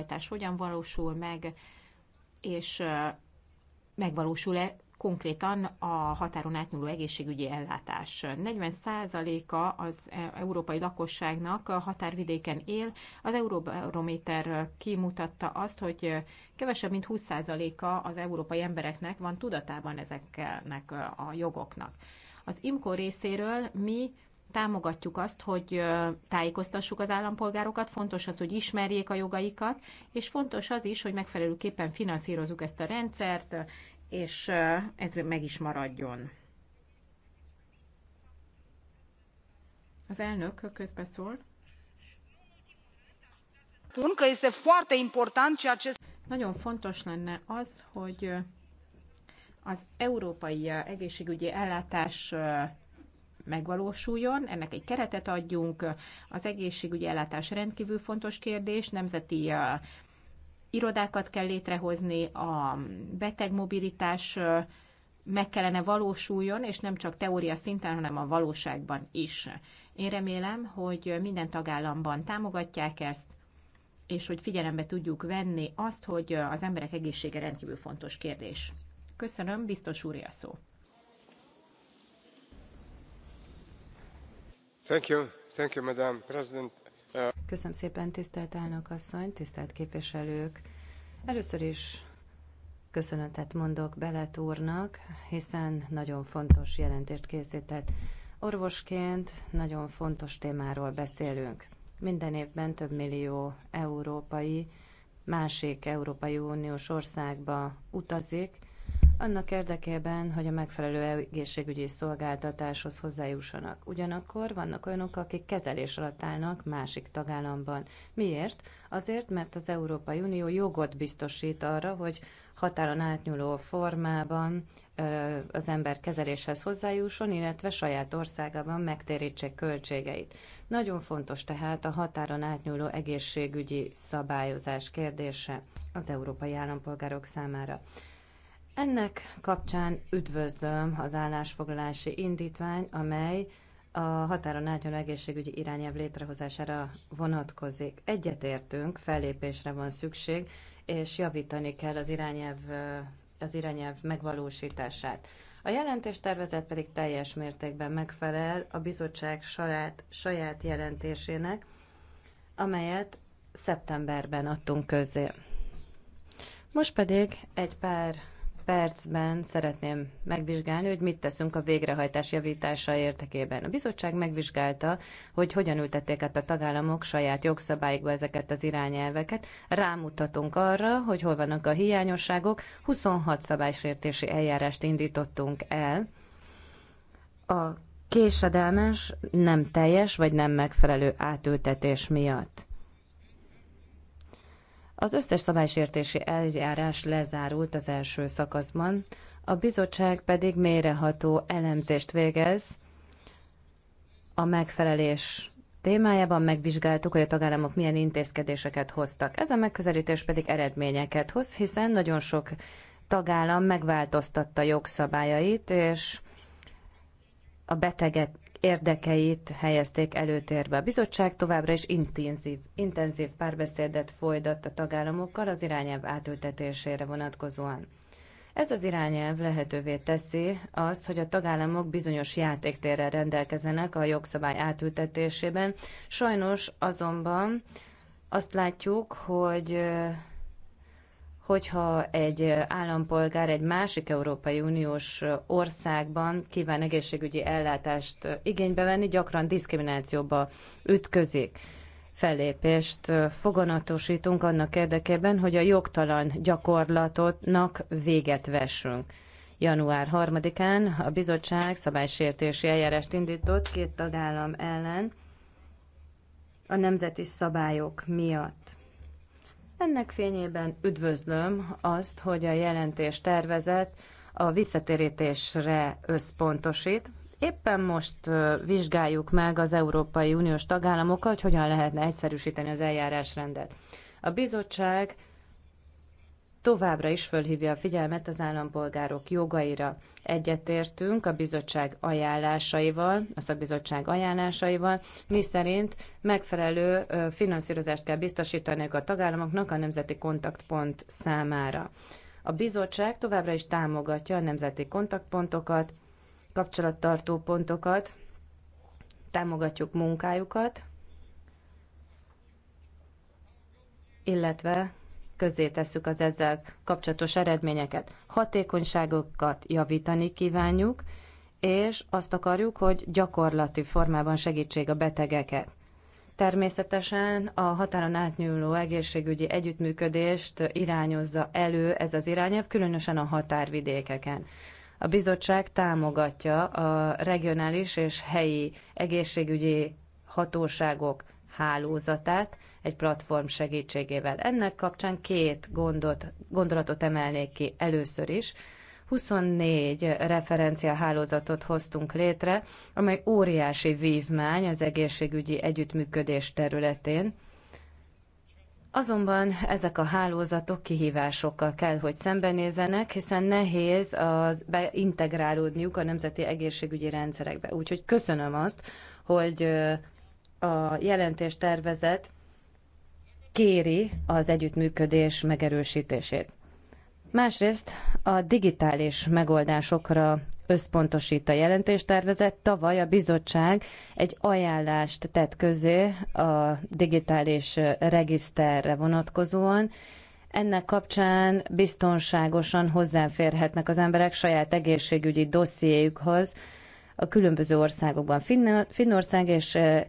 végrehajtás hogyan valósul meg, és megvalósul-e konkrétan a határon átnyúló egészségügyi ellátás. 40%-a az e, európai lakosságnak a határvidéken él. Az Euróbarométer kimutatta azt, hogy kevesebb, mint 20%-a az európai embereknek van tudatában ezeknek a jogoknak. Az IMCO részéről mi támogatjuk azt, hogy tájékoztassuk az állampolgárokat, fontos az, hogy ismerjék a jogaikat, és fontos az is, hogy megfelelőképpen finanszírozunk ezt a rendszert, és ez meg is maradjon. Az elnök közbeszól. szól. Nagyon fontos lenne az, hogy az európai egészségügyi ellátás megvalósuljon, ennek egy keretet adjunk. Az egészségügyi ellátás rendkívül fontos kérdés, nemzeti irodákat kell létrehozni, a beteg mobilitás meg kellene valósuljon, és nem csak teória szinten, hanem a valóságban is. Én remélem, hogy minden tagállamban támogatják ezt, és hogy figyelembe tudjuk venni azt, hogy az emberek egészsége rendkívül fontos kérdés. Köszönöm, biztos úr a szó. Köszönöm szépen, tisztelt elnök asszony, tisztelt képviselők. Először is köszönetet mondok Belet úrnak, hiszen nagyon fontos jelentést készített. Orvosként nagyon fontos témáról beszélünk. Minden évben több millió európai, másik Európai Uniós országba utazik, annak érdekében, hogy a megfelelő egészségügyi szolgáltatáshoz hozzájussanak. Ugyanakkor vannak olyanok, akik kezelés alatt állnak másik tagállamban. Miért? Azért, mert az Európai Unió jogot biztosít arra, hogy határon átnyúló formában az ember kezeléshez hozzájusson, illetve saját országában megtérítse költségeit. Nagyon fontos tehát a határon átnyúló egészségügyi szabályozás kérdése az európai állampolgárok számára. Ennek kapcsán üdvözlöm az állásfoglalási indítvány, amely a határon átnyúló egészségügyi irányelv létrehozására vonatkozik. Egyetértünk, fellépésre van szükség, és javítani kell az irányelv, az irányelv megvalósítását. A jelentés tervezet pedig teljes mértékben megfelel a bizottság saját, saját jelentésének, amelyet szeptemberben adtunk közzé. Most pedig egy pár percben szeretném megvizsgálni, hogy mit teszünk a végrehajtás javítása érdekében. A bizottság megvizsgálta, hogy hogyan ültették át a tagállamok saját jogszabályokba ezeket az irányelveket. Rámutatunk arra, hogy hol vannak a hiányosságok. 26 szabálysértési eljárást indítottunk el. A késedelmes, nem teljes vagy nem megfelelő átültetés miatt. Az összes szabálysértési eljárás lezárult az első szakaszban, a bizottság pedig méreható elemzést végez a megfelelés témájában megvizsgáltuk, hogy a tagállamok milyen intézkedéseket hoztak. Ez a megközelítés pedig eredményeket hoz, hiszen nagyon sok tagállam megváltoztatta jogszabályait, és a betegek érdekeit helyezték előtérbe. A bizottság továbbra is intenzív, intenzív párbeszédet folytat a tagállamokkal az irányelv átültetésére vonatkozóan. Ez az irányelv lehetővé teszi azt, hogy a tagállamok bizonyos játéktérrel rendelkezenek a jogszabály átültetésében. Sajnos azonban azt látjuk, hogy hogyha egy állampolgár egy másik Európai Uniós országban kíván egészségügyi ellátást igénybe venni, gyakran diszkriminációba ütközik. felépést foganatosítunk annak érdekében, hogy a jogtalan gyakorlatotnak véget vessünk. Január 3-án a bizottság szabálysértési eljárást indított két tagállam ellen a nemzeti szabályok miatt. Ennek fényében üdvözlöm azt, hogy a jelentés tervezet a visszatérítésre összpontosít. Éppen most vizsgáljuk meg az Európai Uniós tagállamokkal, hogy hogyan lehetne egyszerűsíteni az eljárásrendet. A bizottság továbbra is fölhívja a figyelmet az állampolgárok jogaira. Egyetértünk a bizottság ajánlásaival, a szakbizottság ajánlásaival, mi szerint megfelelő finanszírozást kell biztosítaniuk a tagállamoknak a nemzeti kontaktpont számára. A bizottság továbbra is támogatja a nemzeti kontaktpontokat, kapcsolattartó pontokat, támogatjuk munkájukat, illetve közzétesszük az ezzel kapcsolatos eredményeket. Hatékonyságokat javítani kívánjuk, és azt akarjuk, hogy gyakorlati formában segítség a betegeket. Természetesen a határon átnyúló egészségügyi együttműködést irányozza elő ez az irányelv, különösen a határvidékeken. A bizottság támogatja a regionális és helyi egészségügyi hatóságok hálózatát egy platform segítségével. Ennek kapcsán két gondot, gondolatot emelnék ki először is. 24 referencia hálózatot hoztunk létre, amely óriási vívmány az egészségügyi együttműködés területén. Azonban ezek a hálózatok kihívásokkal kell, hogy szembenézenek, hiszen nehéz az beintegrálódniuk a nemzeti egészségügyi rendszerekbe. Úgyhogy köszönöm azt, hogy a jelentés tervezet kéri az együttműködés megerősítését. Másrészt a digitális megoldásokra összpontosít a jelentéstervezet. Tavaly a bizottság egy ajánlást tett közé a digitális regiszterre vonatkozóan. Ennek kapcsán biztonságosan hozzáférhetnek az emberek saját egészségügyi dossziéjukhoz a különböző országokban. Finn- Finnország és eh,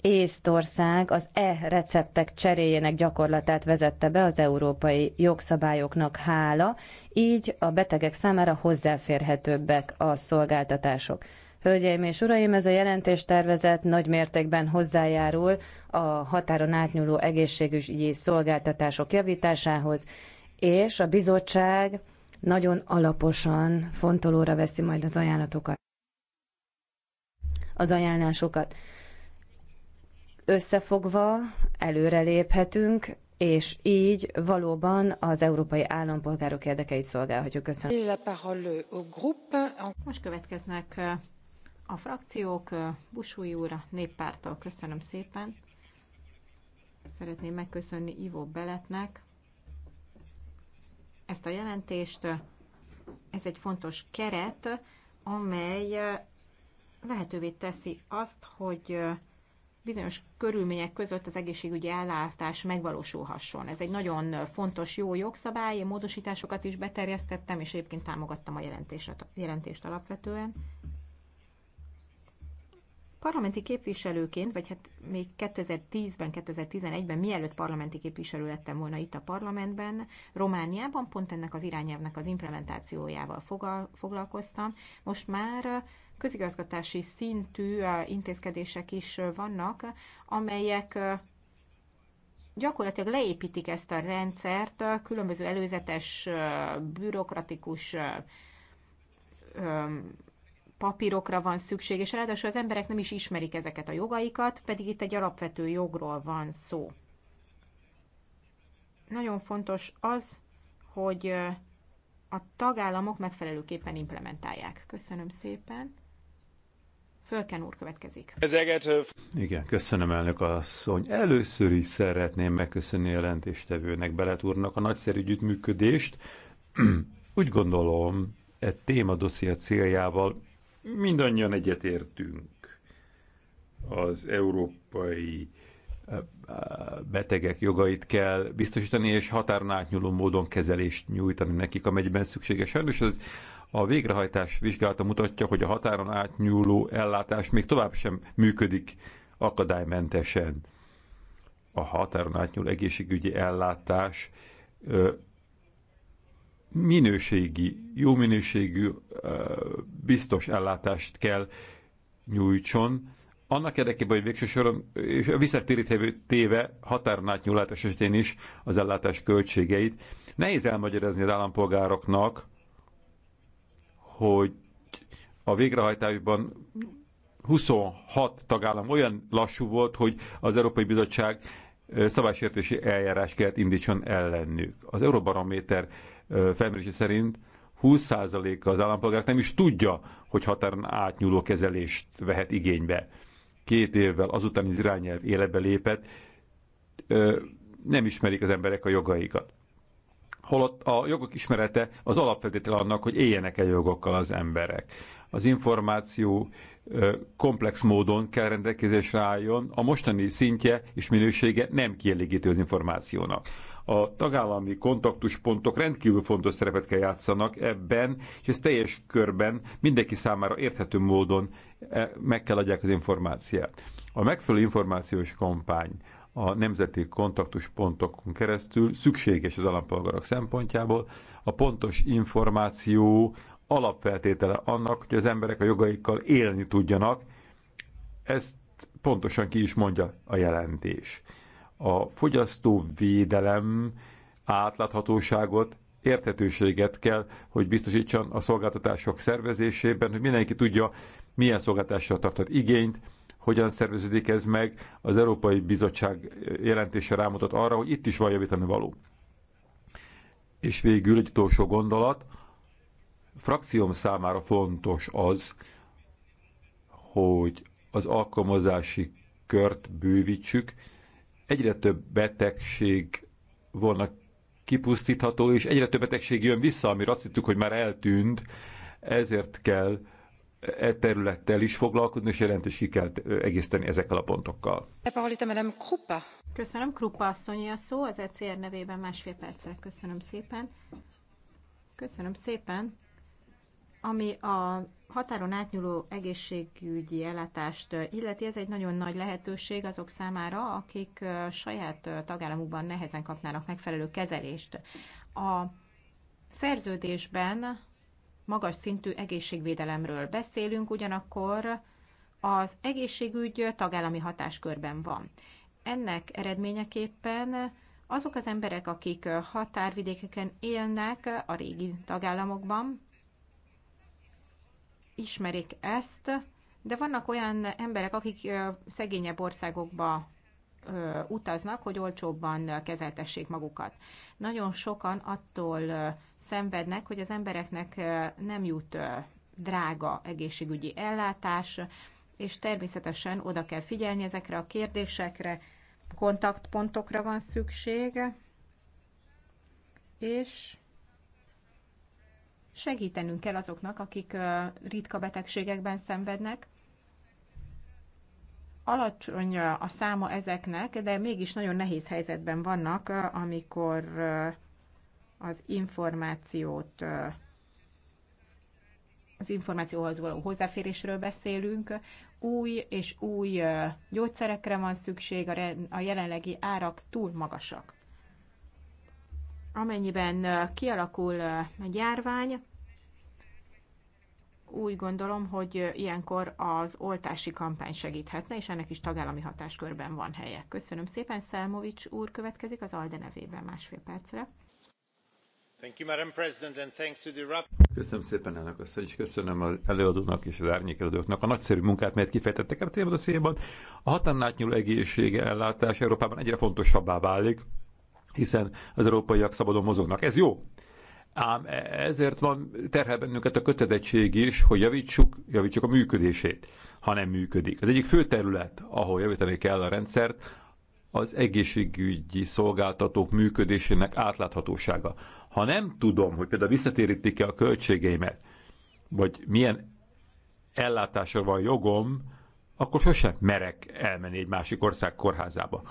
Észtország az e-receptek cseréjének gyakorlatát vezette be az európai jogszabályoknak hála, így a betegek számára hozzáférhetőbbek a szolgáltatások. Hölgyeim és uraim, ez a jelentéstervezet nagy mértékben hozzájárul a határon átnyúló egészségügyi szolgáltatások javításához, és a bizottság nagyon alaposan fontolóra veszi majd az ajánlatokat. Az ajánlásokat összefogva előreléphetünk, és így valóban az európai állampolgárok érdekeit szolgálhatjuk. Köszönöm. Most következnek uh, a frakciók, uh, Busúi úr, néppártól köszönöm szépen. Szeretném megköszönni Ivo Beletnek ezt a jelentést. Ez egy fontos keret, amely uh, lehetővé teszi azt, hogy bizonyos körülmények között az egészségügyi ellátás megvalósulhasson. Ez egy nagyon fontos, jó jogszabály, én módosításokat is beterjesztettem, és egyébként támogattam a jelentést, jelentést alapvetően. Parlamenti képviselőként, vagy hát még 2010-ben, 2011-ben, mielőtt parlamenti képviselő lettem volna itt a parlamentben, Romániában pont ennek az irányelvnek az implementációjával foglalkoztam. Most már közigazgatási szintű intézkedések is vannak, amelyek gyakorlatilag leépítik ezt a rendszert különböző előzetes, bürokratikus papírokra van szükség, és ráadásul az emberek nem is ismerik ezeket a jogaikat, pedig itt egy alapvető jogról van szó. Nagyon fontos az, hogy a tagállamok megfelelőképpen implementálják. Köszönöm szépen. Fölken úr következik. Igen, köszönöm elnök asszony. Először is szeretném megköszönni a jelentéstevőnek, Belet úrnak a nagyszerű együttműködést. Úgy gondolom, egy téma dosszia céljával mindannyian egyetértünk az európai betegek jogait kell biztosítani, és határon átnyúló módon kezelést nyújtani nekik, amelyben szükséges. Sajnos az a végrehajtás vizsgálata mutatja, hogy a határon átnyúló ellátás még tovább sem működik akadálymentesen. A határon átnyúló egészségügyi ellátás minőségi, jó minőségű, biztos ellátást kell nyújtson, annak érdekében, hogy végső soron és visszatérítő téve határon átnyúlás esetén is az ellátás költségeit. Nehéz elmagyarázni az állampolgároknak, hogy a végrehajtásban 26 tagállam olyan lassú volt, hogy az Európai Bizottság szabálysértési eljárás kellett indítson ellenük. Az Euróbarométer felmérése szerint 20%-a az állampolgárok nem is tudja, hogy határon átnyúló kezelést vehet igénybe. Két évvel azután az irányelv életbe lépett, nem ismerik az emberek a jogaikat. Holott a jogok ismerete az alapfeltétel annak, hogy éljenek el jogokkal az emberek. Az információ komplex módon kell rendelkezésre álljon, a mostani szintje és minősége nem kielégítő az információnak a tagállami kontaktuspontok rendkívül fontos szerepet kell játszanak ebben, és ez teljes körben mindenki számára érthető módon e, meg kell adják az információt. A megfelelő információs kampány a nemzeti kontaktuspontokon keresztül szükséges az állampolgárok szempontjából. A pontos információ alapfeltétele annak, hogy az emberek a jogaikkal élni tudjanak. Ezt pontosan ki is mondja a jelentés a fogyasztóvédelem átláthatóságot, érthetőséget kell, hogy biztosítson a szolgáltatások szervezésében, hogy mindenki tudja, milyen szolgáltatásra tartott igényt, hogyan szerveződik ez meg. Az Európai Bizottság jelentése rámutat arra, hogy itt is van javítani való. És végül egy utolsó gondolat. Frakcióm számára fontos az, hogy az alkalmazási kört bővítsük, egyre több betegség volna kipusztítható, és egyre több betegség jön vissza, amire azt hittük, hogy már eltűnt, ezért kell e területtel is foglalkozni, és jelentős ki kell e, egészteni ezekkel a pontokkal. Köszönöm, Krupa asszonyi a szó, az ECR nevében másfél perccel. Köszönöm szépen. Köszönöm szépen. Ami a határon átnyúló egészségügyi ellátást illeti, ez egy nagyon nagy lehetőség azok számára, akik saját tagállamukban nehezen kapnának megfelelő kezelést. A szerződésben magas szintű egészségvédelemről beszélünk, ugyanakkor az egészségügy tagállami hatáskörben van. Ennek eredményeképpen azok az emberek, akik határvidékeken élnek a régi tagállamokban, ismerik ezt, de vannak olyan emberek, akik szegényebb országokba utaznak, hogy olcsóbban kezeltessék magukat. Nagyon sokan attól szenvednek, hogy az embereknek nem jut drága egészségügyi ellátás, és természetesen oda kell figyelni ezekre a kérdésekre, kontaktpontokra van szükség, és Segítenünk kell azoknak, akik ritka betegségekben szenvednek. Alacsony a száma ezeknek, de mégis nagyon nehéz helyzetben vannak, amikor az információt az információhoz való hozzáférésről beszélünk, új és új gyógyszerekre van szükség, a jelenlegi árak túl magasak amennyiben kialakul egy járvány, úgy gondolom, hogy ilyenkor az oltási kampány segíthetne, és ennek is tagállami hatáskörben van helye. Köszönöm szépen, Szelmovics úr következik az ALDE nevében másfél percre. Köszönöm szépen, elnök asszony, és köszönöm az előadónak és az árnyékelődőknek a nagyszerű munkát, melyet kifejtettek ebben a témát A határnátnyúló egészsége ellátás Európában egyre fontosabbá válik, hiszen az európaiak szabadon mozognak. Ez jó. Ám e- ezért van terhel bennünket a kötelezettség is, hogy javítsuk, javítsuk a működését, ha nem működik. Az egyik fő terület, ahol javítani kell a rendszert, az egészségügyi szolgáltatók működésének átláthatósága. Ha nem tudom, hogy például visszatérítik-e a költségeimet, vagy milyen ellátásra van jogom, akkor sosem merek elmenni egy másik ország kórházába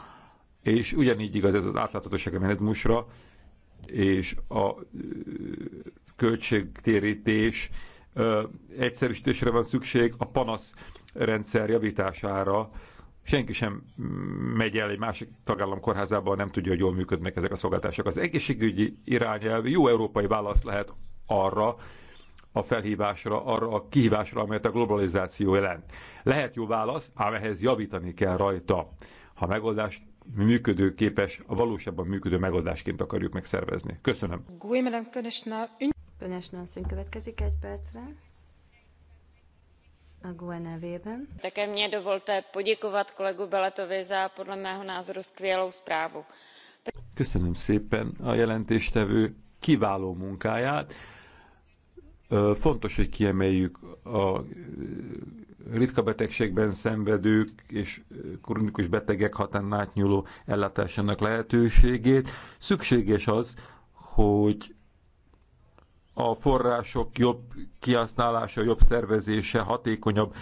és ugyanígy igaz ez az átláthatósági mechanizmusra, és a költségtérítés egyszerűsítésre van szükség, a panasz rendszer javítására. Senki sem megy el egy másik tagállam kórházába, nem tudja, hogy jól működnek ezek a szolgáltások. Az egészségügyi irányelv jó európai válasz lehet arra, a felhívásra, arra a kihívásra, amelyet a globalizáció jelent. Lehet jó válasz, ám ehhez javítani kell rajta. Ha megoldást működőképes, a valósabban működő megoldásként akarjuk megszervezni. Köszönöm. Könyös Nanszony következik egy percre. A GUE nevében. Také mě dovolte poděkovat kolegu Beletovi za podle mého názoru skvělou zprávu. Köszönöm szépen a jelentéstevő kiváló munkáját. Fontos, hogy kiemeljük a ritka betegségben szenvedők és kronikus betegek hatán átnyúló ellátásának lehetőségét. Szükséges az, hogy a források jobb kihasználása, jobb szervezése, hatékonyabb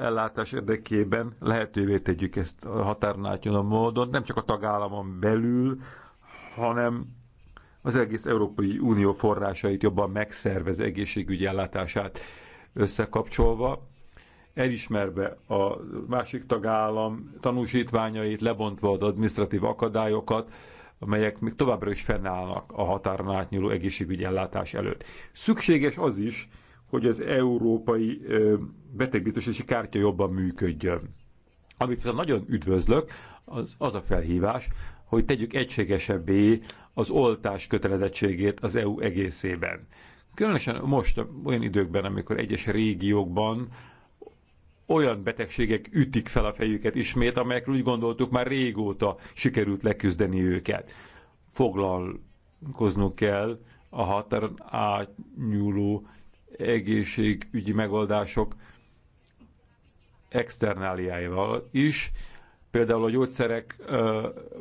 ellátás érdekében lehetővé tegyük ezt a határon átnyúló módon, nem csak a tagállamon belül, hanem az egész Európai Unió forrásait jobban megszervez egészségügyi ellátását összekapcsolva elismerve a másik tagállam tanúsítványait, lebontva az administratív akadályokat, amelyek még továbbra is fennállnak a határon átnyúló egészségügyi ellátás előtt. Szükséges az is, hogy az európai betegbiztosítási kártya jobban működjön. Amit viszont nagyon üdvözlök, az, az a felhívás, hogy tegyük egységesebbé az oltás kötelezettségét az EU egészében. Különösen most, olyan időkben, amikor egyes régiókban olyan betegségek ütik fel a fejüket ismét, amelyekről úgy gondoltuk már régóta sikerült leküzdeni őket. Foglalkoznunk kell a határon átnyúló egészségügyi megoldások externáliáival is, például a gyógyszerek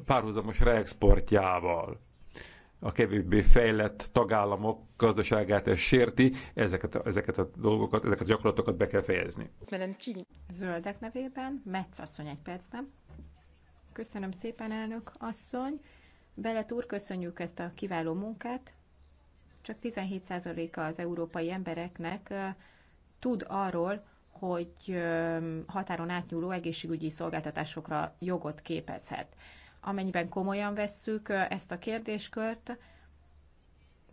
párhuzamos reexportjával a kevésbé fejlett tagállamok gazdaságát ez sérti, ezeket, ezeket a dolgokat, ezeket a gyakorlatokat be kell fejezni. Velem Csini. Zöldek nevében, Metz asszony egy percben. Köszönöm szépen, elnök asszony. Belet úr, köszönjük ezt a kiváló munkát. Csak 17%-a az európai embereknek tud arról, hogy határon átnyúló egészségügyi szolgáltatásokra jogot képezhet amennyiben komolyan vesszük ezt a kérdéskört,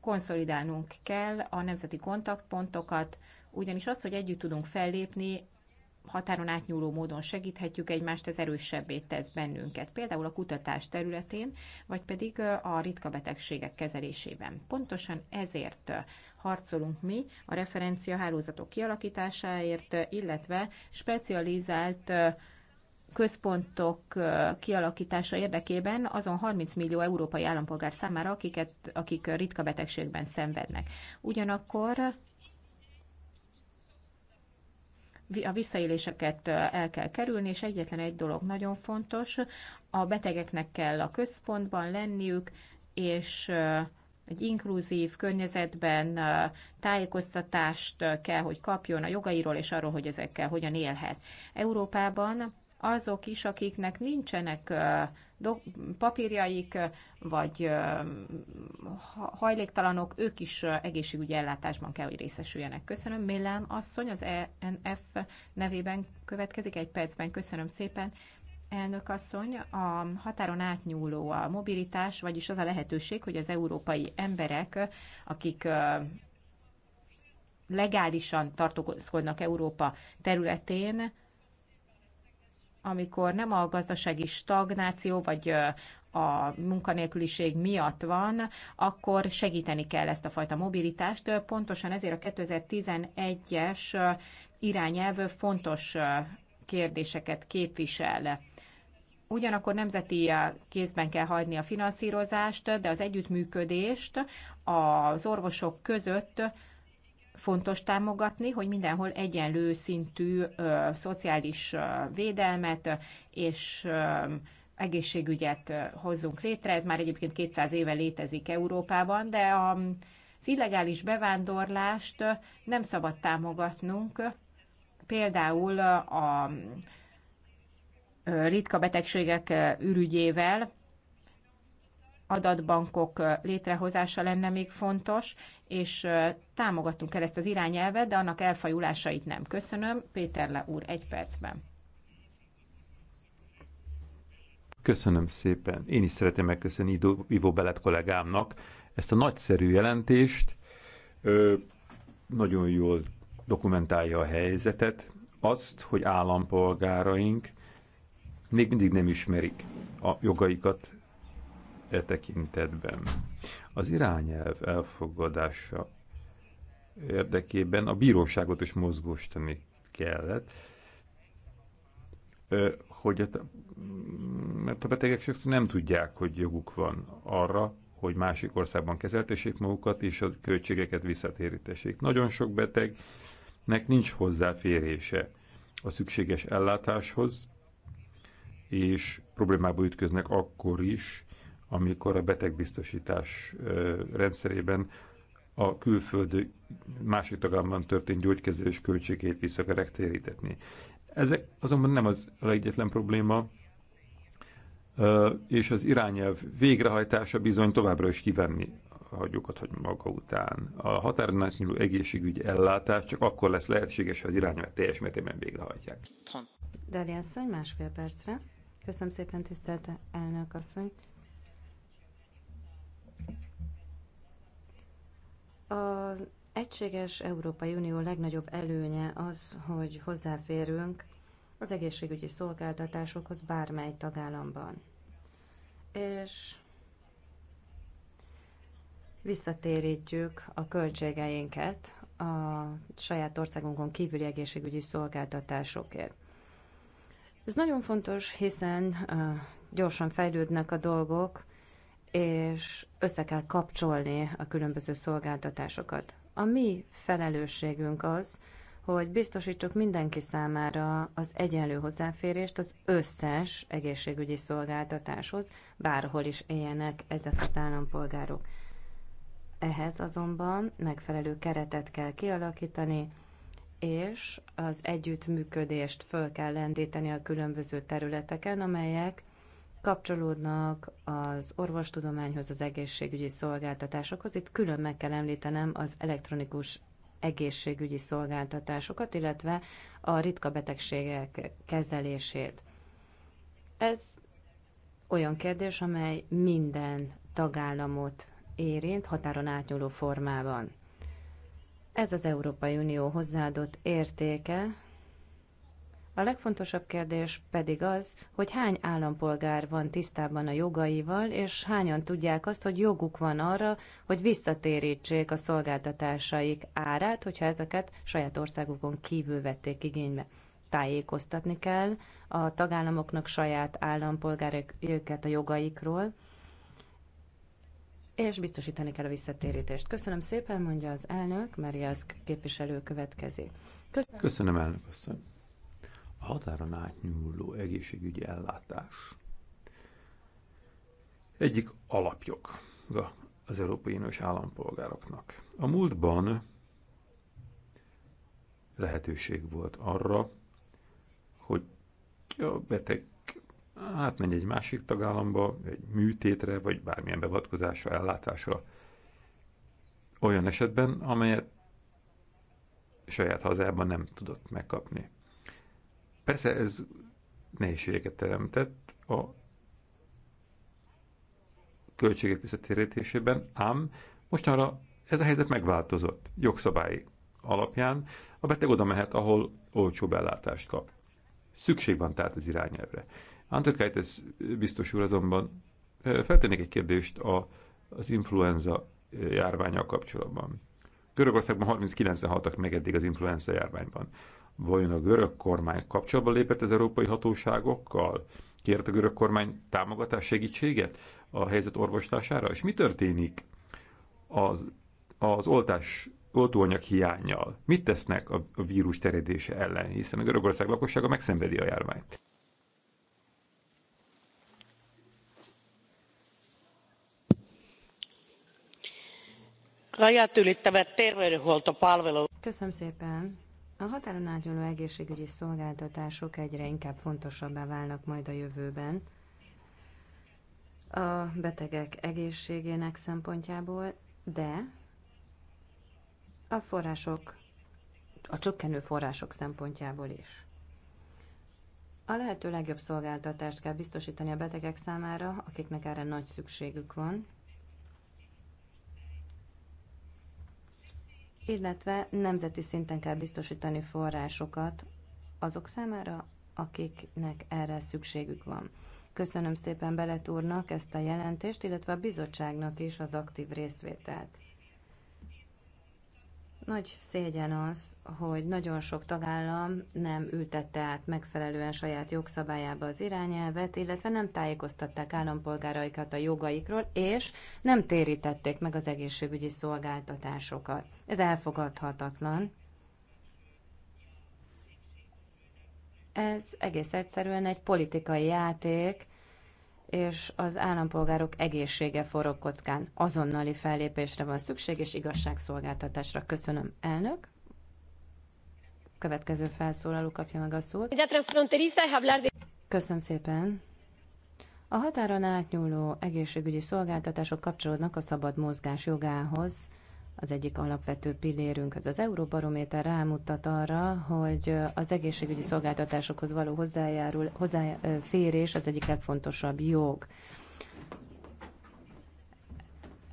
konszolidálnunk kell a nemzeti kontaktpontokat, ugyanis az, hogy együtt tudunk fellépni, határon átnyúló módon segíthetjük egymást, ez erősebbé tesz bennünket, például a kutatás területén, vagy pedig a ritka betegségek kezelésében. Pontosan ezért harcolunk mi a referenciahálózatok kialakításáért, illetve specializált központok kialakítása érdekében azon 30 millió európai állampolgár számára, akiket, akik ritka betegségben szenvednek. Ugyanakkor a visszaéléseket el kell kerülni, és egyetlen egy dolog nagyon fontos, a betegeknek kell a központban lenniük, és egy inkluzív környezetben tájékoztatást kell, hogy kapjon a jogairól és arról, hogy ezekkel hogyan élhet. Európában azok is, akiknek nincsenek papírjaik, vagy hajléktalanok, ők is egészségügyi ellátásban kell, hogy részesüljenek. Köszönöm. Millán asszony az ENF nevében következik egy percben. Köszönöm szépen. Elnök asszony, a határon átnyúló a mobilitás, vagyis az a lehetőség, hogy az európai emberek, akik legálisan tartózkodnak Európa területén, amikor nem a gazdasági stagnáció vagy a munkanélküliség miatt van, akkor segíteni kell ezt a fajta mobilitást. Pontosan ezért a 2011-es irányelv fontos kérdéseket képvisel. Ugyanakkor nemzeti kézben kell hagyni a finanszírozást, de az együttműködést az orvosok között fontos támogatni, hogy mindenhol egyenlő szintű ö, szociális ö, védelmet és ö, egészségügyet hozzunk létre. Ez már egyébként 200 éve létezik Európában, de a, az illegális bevándorlást nem szabad támogatnunk. Például a ritka betegségek ürügyével adatbankok létrehozása lenne még fontos, és támogattunk el ezt az irányelvet, de annak elfajulásait nem. Köszönöm. Péterle úr, egy percben. Köszönöm szépen. Én is szeretném megköszönni Ivo Belet kollégámnak ezt a nagyszerű jelentést. Ö, nagyon jól dokumentálja a helyzetet, azt, hogy állampolgáraink még mindig nem ismerik a jogaikat, e tekintetben. Az irányelv elfogadása érdekében a bíróságot is mozgostani kellett, hogy a, mert a betegek sokszor nem tudják, hogy joguk van arra, hogy másik országban kezeltessék magukat, és a költségeket visszatérítessék. Nagyon sok betegnek nincs hozzáférése a szükséges ellátáshoz, és problémába ütköznek akkor is, amikor a betegbiztosítás rendszerében a külföld másik tagállamban történt gyógykezelés költségét vissza kell térítetni. Ezek azonban nem az egyetlen probléma, és az irányelv végrehajtása bizony továbbra is kivenni hagyjuk hogy maga után. A határon átnyúló egészségügyi ellátás csak akkor lesz lehetséges, ha az irányelvet teljes mértékben végrehajtják. Dali asszony, másfél percre. Köszönöm szépen, tisztelt elnök asszony. Az egységes Európai Unió legnagyobb előnye az, hogy hozzáférünk az egészségügyi szolgáltatásokhoz bármely tagállamban. És visszatérítjük a költségeinket a saját országunkon kívüli egészségügyi szolgáltatásokért. Ez nagyon fontos, hiszen gyorsan fejlődnek a dolgok, és össze kell kapcsolni a különböző szolgáltatásokat. A mi felelősségünk az, hogy biztosítsuk mindenki számára az egyenlő hozzáférést az összes egészségügyi szolgáltatáshoz, bárhol is éljenek ezek az állampolgárok. Ehhez azonban megfelelő keretet kell kialakítani, és az együttműködést föl kell lendíteni a különböző területeken, amelyek kapcsolódnak az orvostudományhoz, az egészségügyi szolgáltatásokhoz. Itt külön meg kell említenem az elektronikus egészségügyi szolgáltatásokat, illetve a ritka betegségek kezelését. Ez olyan kérdés, amely minden tagállamot érint határon átnyúló formában. Ez az Európai Unió hozzáadott értéke, a legfontosabb kérdés pedig az, hogy hány állampolgár van tisztában a jogaival, és hányan tudják azt, hogy joguk van arra, hogy visszatérítsék a szolgáltatásaik árát, hogyha ezeket saját országukon kívül vették igénybe. Tájékoztatni kell a tagállamoknak saját állampolgárokat a jogaikról, és biztosítani kell a visszatérítést. Köszönöm szépen, mondja az elnök, mert képviselő következik. Köszönöm, Köszönöm elnök asszony a határon átnyúló egészségügyi ellátás egyik alapjog az Európai Uniós állampolgároknak. A múltban lehetőség volt arra, hogy a beteg átmenj egy másik tagállamba, egy műtétre, vagy bármilyen beavatkozásra, ellátásra, olyan esetben, amelyet saját hazájában nem tudott megkapni. Persze ez nehézségeket teremtett a költségek visszatérítésében, ám mostanra ez a helyzet megváltozott jogszabályi alapján. A beteg oda mehet, ahol olcsóbb ellátást kap. Szükség van tehát az irányelvre. Antokájtesz biztos úr azonban feltennék egy kérdést a, az influenza járványa kapcsolatban. Görögországban 39-en haltak meg eddig az influenza járványban. Vajon a görög kormány kapcsolatba lépett az európai hatóságokkal? Kért a görög kormány támogatás segítséget a helyzet orvoslására? És mi történik az, az oltás oltóanyag hiányjal? Mit tesznek a, a vírus terjedése ellen? Hiszen a Görögország lakossága megszenvedi a járványt. rajat ylittävät terveydenhuoltopalvelut. Köszönöm szépen. A határon átnyúló egészségügyi szolgáltatások egyre inkább fontosabbá válnak majd a jövőben a betegek egészségének szempontjából, de a források, a csökkenő források szempontjából is. A lehető legjobb szolgáltatást kell biztosítani a betegek számára, akiknek erre nagy szükségük van, illetve nemzeti szinten kell biztosítani forrásokat azok számára, akiknek erre szükségük van. Köszönöm szépen Belet úrnak ezt a jelentést, illetve a bizottságnak is az aktív részvételt. Nagy szégyen az, hogy nagyon sok tagállam nem ültette át megfelelően saját jogszabályába az irányelvet, illetve nem tájékoztatták állampolgáraikat a jogaikról, és nem térítették meg az egészségügyi szolgáltatásokat. Ez elfogadhatatlan. Ez egész egyszerűen egy politikai játék, és az állampolgárok egészsége forog kockán. Azonnali fellépésre van szükség, és igazságszolgáltatásra. Köszönöm, elnök. Következő felszólaló kapja meg a szót. Köszönöm szépen. A határon átnyúló egészségügyi szolgáltatások kapcsolódnak a szabad mozgás jogához, az egyik alapvető pillérünk. az az Euróbarométer rámutat arra, hogy az egészségügyi szolgáltatásokhoz való hozzájárul, hozzáférés az egyik legfontosabb jog.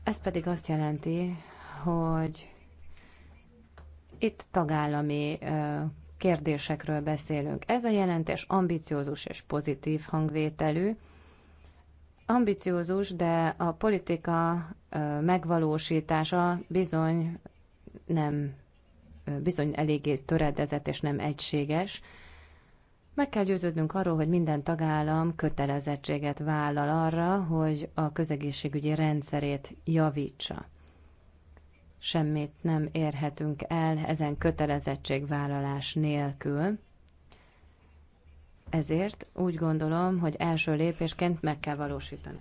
Ez pedig azt jelenti, hogy itt tagállami kérdésekről beszélünk. Ez a jelentés ambiciózus és pozitív hangvételű, ambiciózus, de a politika megvalósítása bizony nem bizony eléggé töredezett és nem egységes. Meg kell győződnünk arról, hogy minden tagállam kötelezettséget vállal arra, hogy a közegészségügyi rendszerét javítsa. Semmit nem érhetünk el ezen kötelezettségvállalás nélkül ezért úgy gondolom, hogy első lépésként meg kell valósítani.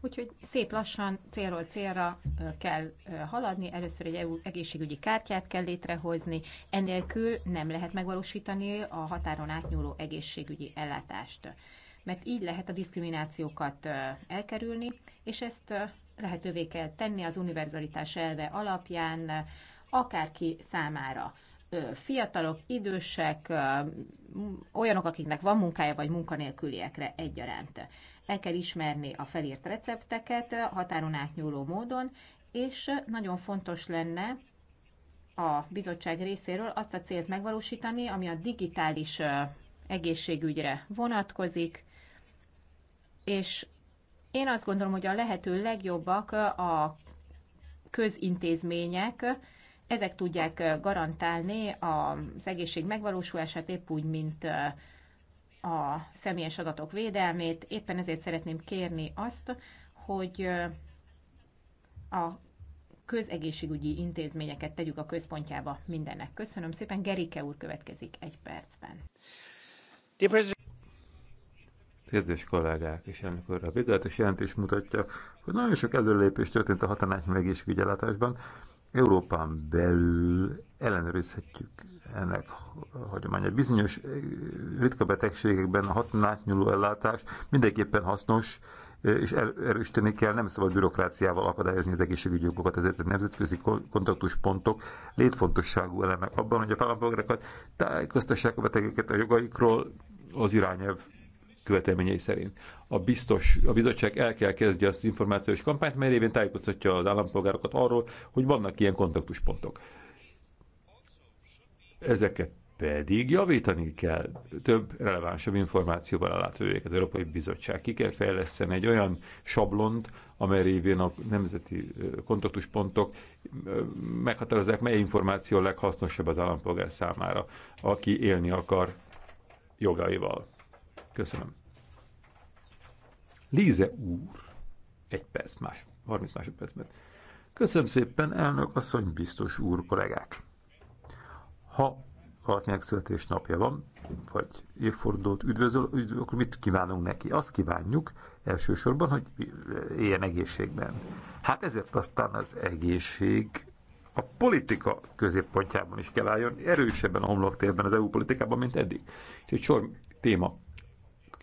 Úgyhogy szép lassan, célról célra kell haladni. Először egy EU egészségügyi kártyát kell létrehozni, enélkül nem lehet megvalósítani a határon átnyúló egészségügyi ellátást. Mert így lehet a diszkriminációkat elkerülni, és ezt lehetővé kell tenni az univerzalitás elve alapján akárki számára fiatalok, idősek, olyanok, akiknek van munkája, vagy munkanélküliekre egyaránt. El kell ismerni a felírt recepteket határon átnyúló módon, és nagyon fontos lenne a bizottság részéről azt a célt megvalósítani, ami a digitális egészségügyre vonatkozik, és én azt gondolom, hogy a lehető legjobbak a közintézmények, ezek tudják garantálni az egészség megvalósulását, épp úgy, mint a személyes adatok védelmét. Éppen ezért szeretném kérni azt, hogy a közegészségügyi intézményeket tegyük a központjába mindennek. Köszönöm szépen. Gerike úr következik egy percben. Kedves kollégák, és amikor a végletes jelentés mutatja, hogy nagyon sok előlépés történt a hatalmány megészségügyelátásban, Európán belül ellenőrizhetjük ennek hagyományát. Bizonyos eh, ritka betegségekben a haton átnyúló ellátás mindenképpen hasznos, eh, és erősíteni kell, nem szabad bürokráciával akadályozni az egészségügyi jogokat, ezért a nemzetközi kontaktuspontok létfontosságú elemek abban, hogy a állampolgárokat tájékoztassák a betegeket a jogaikról, az irányelv követelményei szerint. A, biztos, a bizottság el kell kezdje az információs kampányt, mert évén tájékoztatja az állampolgárokat arról, hogy vannak ilyen kontaktuspontok. Ezeket pedig javítani kell több relevánsabb információval ellátó Az Európai Bizottság ki kell fejleszteni egy olyan sablont, amely révén a nemzeti kontaktuspontok meghatározzák, mely információ a leghasznosabb az állampolgár számára, aki élni akar jogaival. Köszönöm. Líze úr, egy perc, más, 30 Mert. Köszönöm szépen, elnök asszony, biztos úr, kollégák. Ha partnerek születésnapja van, vagy évfordult üdvözöl, üdvözöl, akkor mit kívánunk neki? Azt kívánjuk elsősorban, hogy éljen egészségben. Hát ezért aztán az egészség a politika középpontjában is kell álljon, erősebben a homloktérben az EU politikában, mint eddig. És egy sor téma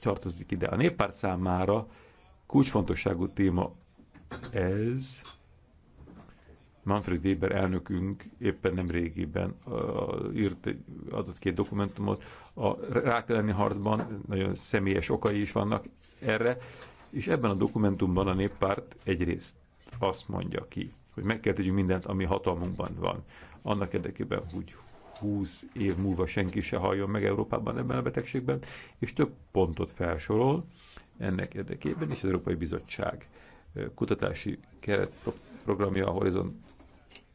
tartozik ide. A néppárt számára kulcsfontosságú téma ez. Manfred Weber elnökünk éppen nem régiben uh, írt, adott két dokumentumot. A rák elleni harcban nagyon személyes okai is vannak erre, és ebben a dokumentumban a néppárt egyrészt azt mondja ki, hogy meg kell tegyünk mindent, ami hatalmunkban van. Annak érdekében, hogy 20 év múlva senki se halljon meg Európában ebben a betegségben, és több pontot felsorol ennek érdekében, és az Európai Bizottság kutatási keretprogramja a Horizon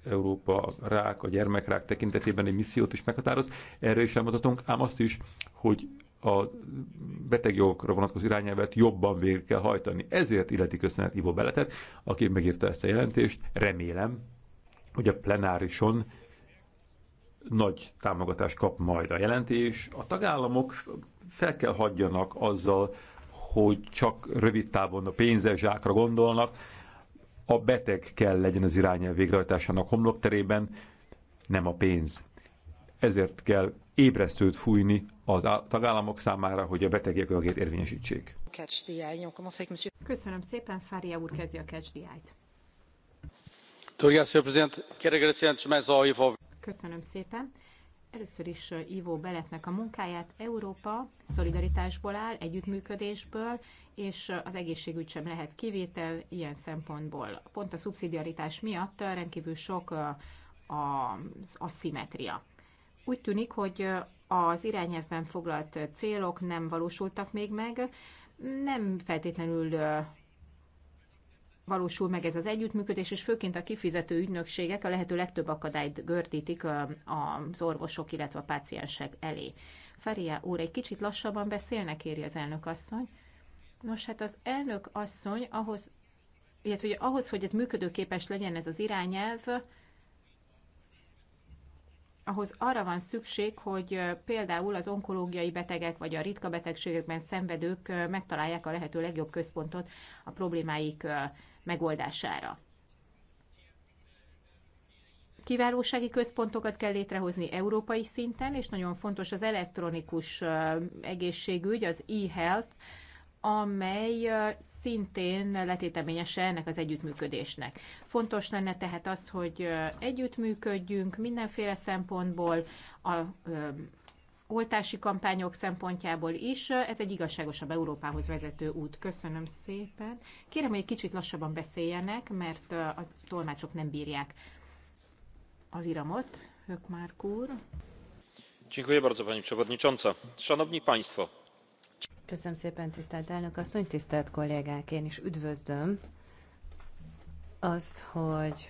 Európa rák, a gyermekrák tekintetében egy missziót is meghatároz. Erre is elmutatunk, ám azt is, hogy a betegjogokra vonatkozó irányelvet jobban végre kell hajtani. Ezért illeti köszönet Ivo Beletet, aki megírta ezt a jelentést. Remélem, hogy a plenárison nagy támogatást kap majd a jelentés. A tagállamok fel kell hagyjanak azzal, hogy csak rövid távon a pénzes zsákra gondolnak, a beteg kell legyen az irányelv végrehajtásának homlokterében, nem a pénz. Ezért kell ébresztőt fújni az tagállamok számára, hogy a betegek jogét érvényesítsék. Köszönöm szépen, Fária úr kezdi a kecsdiájt. Köszönöm szépen. Először is uh, Ivó Beletnek a munkáját Európa szolidaritásból áll, együttműködésből, és uh, az egészségügy sem lehet kivétel ilyen szempontból. Pont a szubszidiaritás miatt uh, rendkívül sok az aszimetria. Úgy tűnik, hogy az irányelvben foglalt célok nem valósultak még meg, nem feltétlenül valósul meg ez az együttműködés, és főként a kifizető ügynökségek a lehető legtöbb akadályt gördítik az orvosok, illetve a páciensek elé. Feria úr, egy kicsit lassabban beszélnek, éri az elnök asszony. Nos, hát az elnök asszony ahhoz, illetve hogy ahhoz, hogy ez működőképes legyen ez az irányelv, ahhoz arra van szükség, hogy például az onkológiai betegek vagy a ritka betegségekben szenvedők megtalálják a lehető legjobb központot a problémáik megoldására. Kiválósági központokat kell létrehozni európai szinten, és nagyon fontos az elektronikus egészségügy, az e-health, amely szintén letéteményese ennek az együttműködésnek. Fontos lenne tehát az, hogy együttműködjünk mindenféle szempontból a oltási kampányok szempontjából is. Ez egy igazságosabb Európához vezető út. Köszönöm szépen. Kérem, hogy egy kicsit lassabban beszéljenek, mert a tolmácsok nem bírják az iramot. már úr. Dziękuję bardzo, pani przewodnicząca. Szanowni państwo. Köszönöm szépen, tisztelt elnök asszony, tisztelt kollégák. Én is üdvözlöm azt, hogy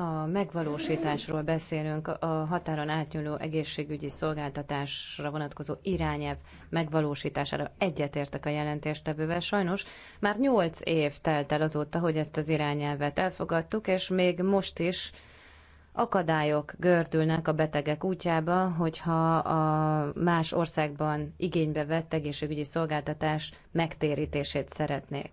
a megvalósításról beszélünk, a határon átnyúló egészségügyi szolgáltatásra vonatkozó irányelv megvalósítására egyetértek a jelentéstevővel. Sajnos már nyolc év telt el azóta, hogy ezt az irányelvet elfogadtuk, és még most is akadályok gördülnek a betegek útjába, hogyha a más országban igénybe vett egészségügyi szolgáltatás megtérítését szeretnék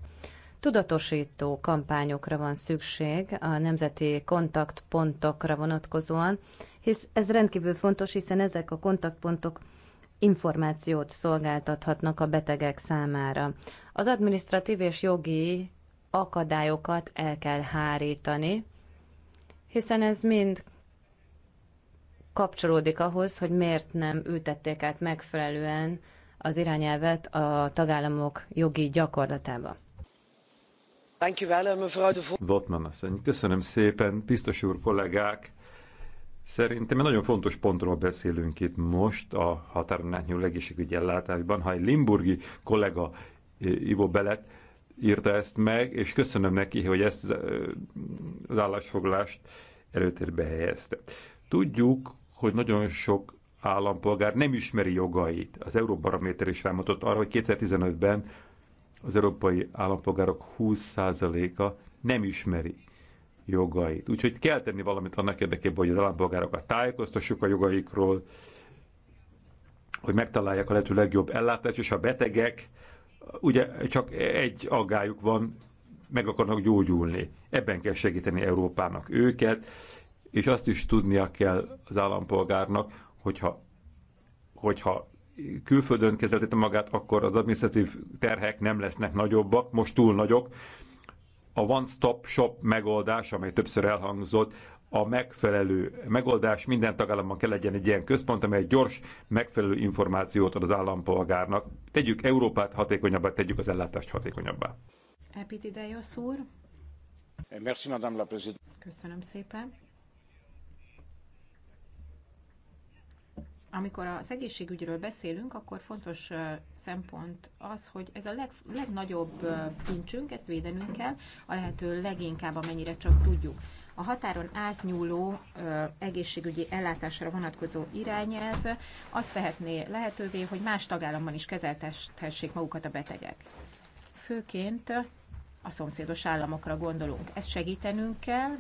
tudatosító kampányokra van szükség a nemzeti kontaktpontokra vonatkozóan, hisz ez rendkívül fontos, hiszen ezek a kontaktpontok információt szolgáltathatnak a betegek számára. Az administratív és jogi akadályokat el kell hárítani, hiszen ez mind kapcsolódik ahhoz, hogy miért nem ültették át megfelelően az irányelvet a tagállamok jogi gyakorlatába. Botman asszony, köszönöm szépen, biztos úr kollégák. Szerintem egy nagyon fontos pontról beszélünk itt most a határon átnyúló egészségügyi ellátásban. Ha egy limburgi kollega eh, Ivo Belet írta ezt meg, és köszönöm neki, hogy ezt eh, az állásfoglalást előtérbe helyezte. Tudjuk, hogy nagyon sok állampolgár nem ismeri jogait. Az Euróbarométer is rámutatott arra, hogy 2015-ben az európai állampolgárok 20%-a nem ismeri jogait. Úgyhogy kell tenni valamit annak érdekében, hogy az állampolgárokat tájékoztassuk a jogaikról, hogy megtalálják a lehető legjobb ellátást, és a betegek, ugye csak egy aggájuk van, meg akarnak gyógyulni. Ebben kell segíteni Európának őket, és azt is tudnia kell az állampolgárnak, hogyha, hogyha külföldön kezeltette magát, akkor az administratív terhek nem lesznek nagyobbak, most túl nagyok. A one-stop shop megoldás, amely többször elhangzott, a megfelelő megoldás minden tagállamban kell legyen egy ilyen központ, amely gyors, megfelelő információt ad az állampolgárnak. Tegyük Európát hatékonyabbá, tegyük az ellátást hatékonyabbá. Epitideios úr. Köszönöm szépen. amikor az egészségügyről beszélünk, akkor fontos szempont az, hogy ez a leg, legnagyobb kincsünk, ezt védenünk kell, a lehető leginkább, amennyire csak tudjuk. A határon átnyúló egészségügyi ellátásra vonatkozó irányelv azt tehetné lehetővé, hogy más tagállamban is kezeltessék magukat a betegek. Főként a szomszédos államokra gondolunk. Ezt segítenünk kell,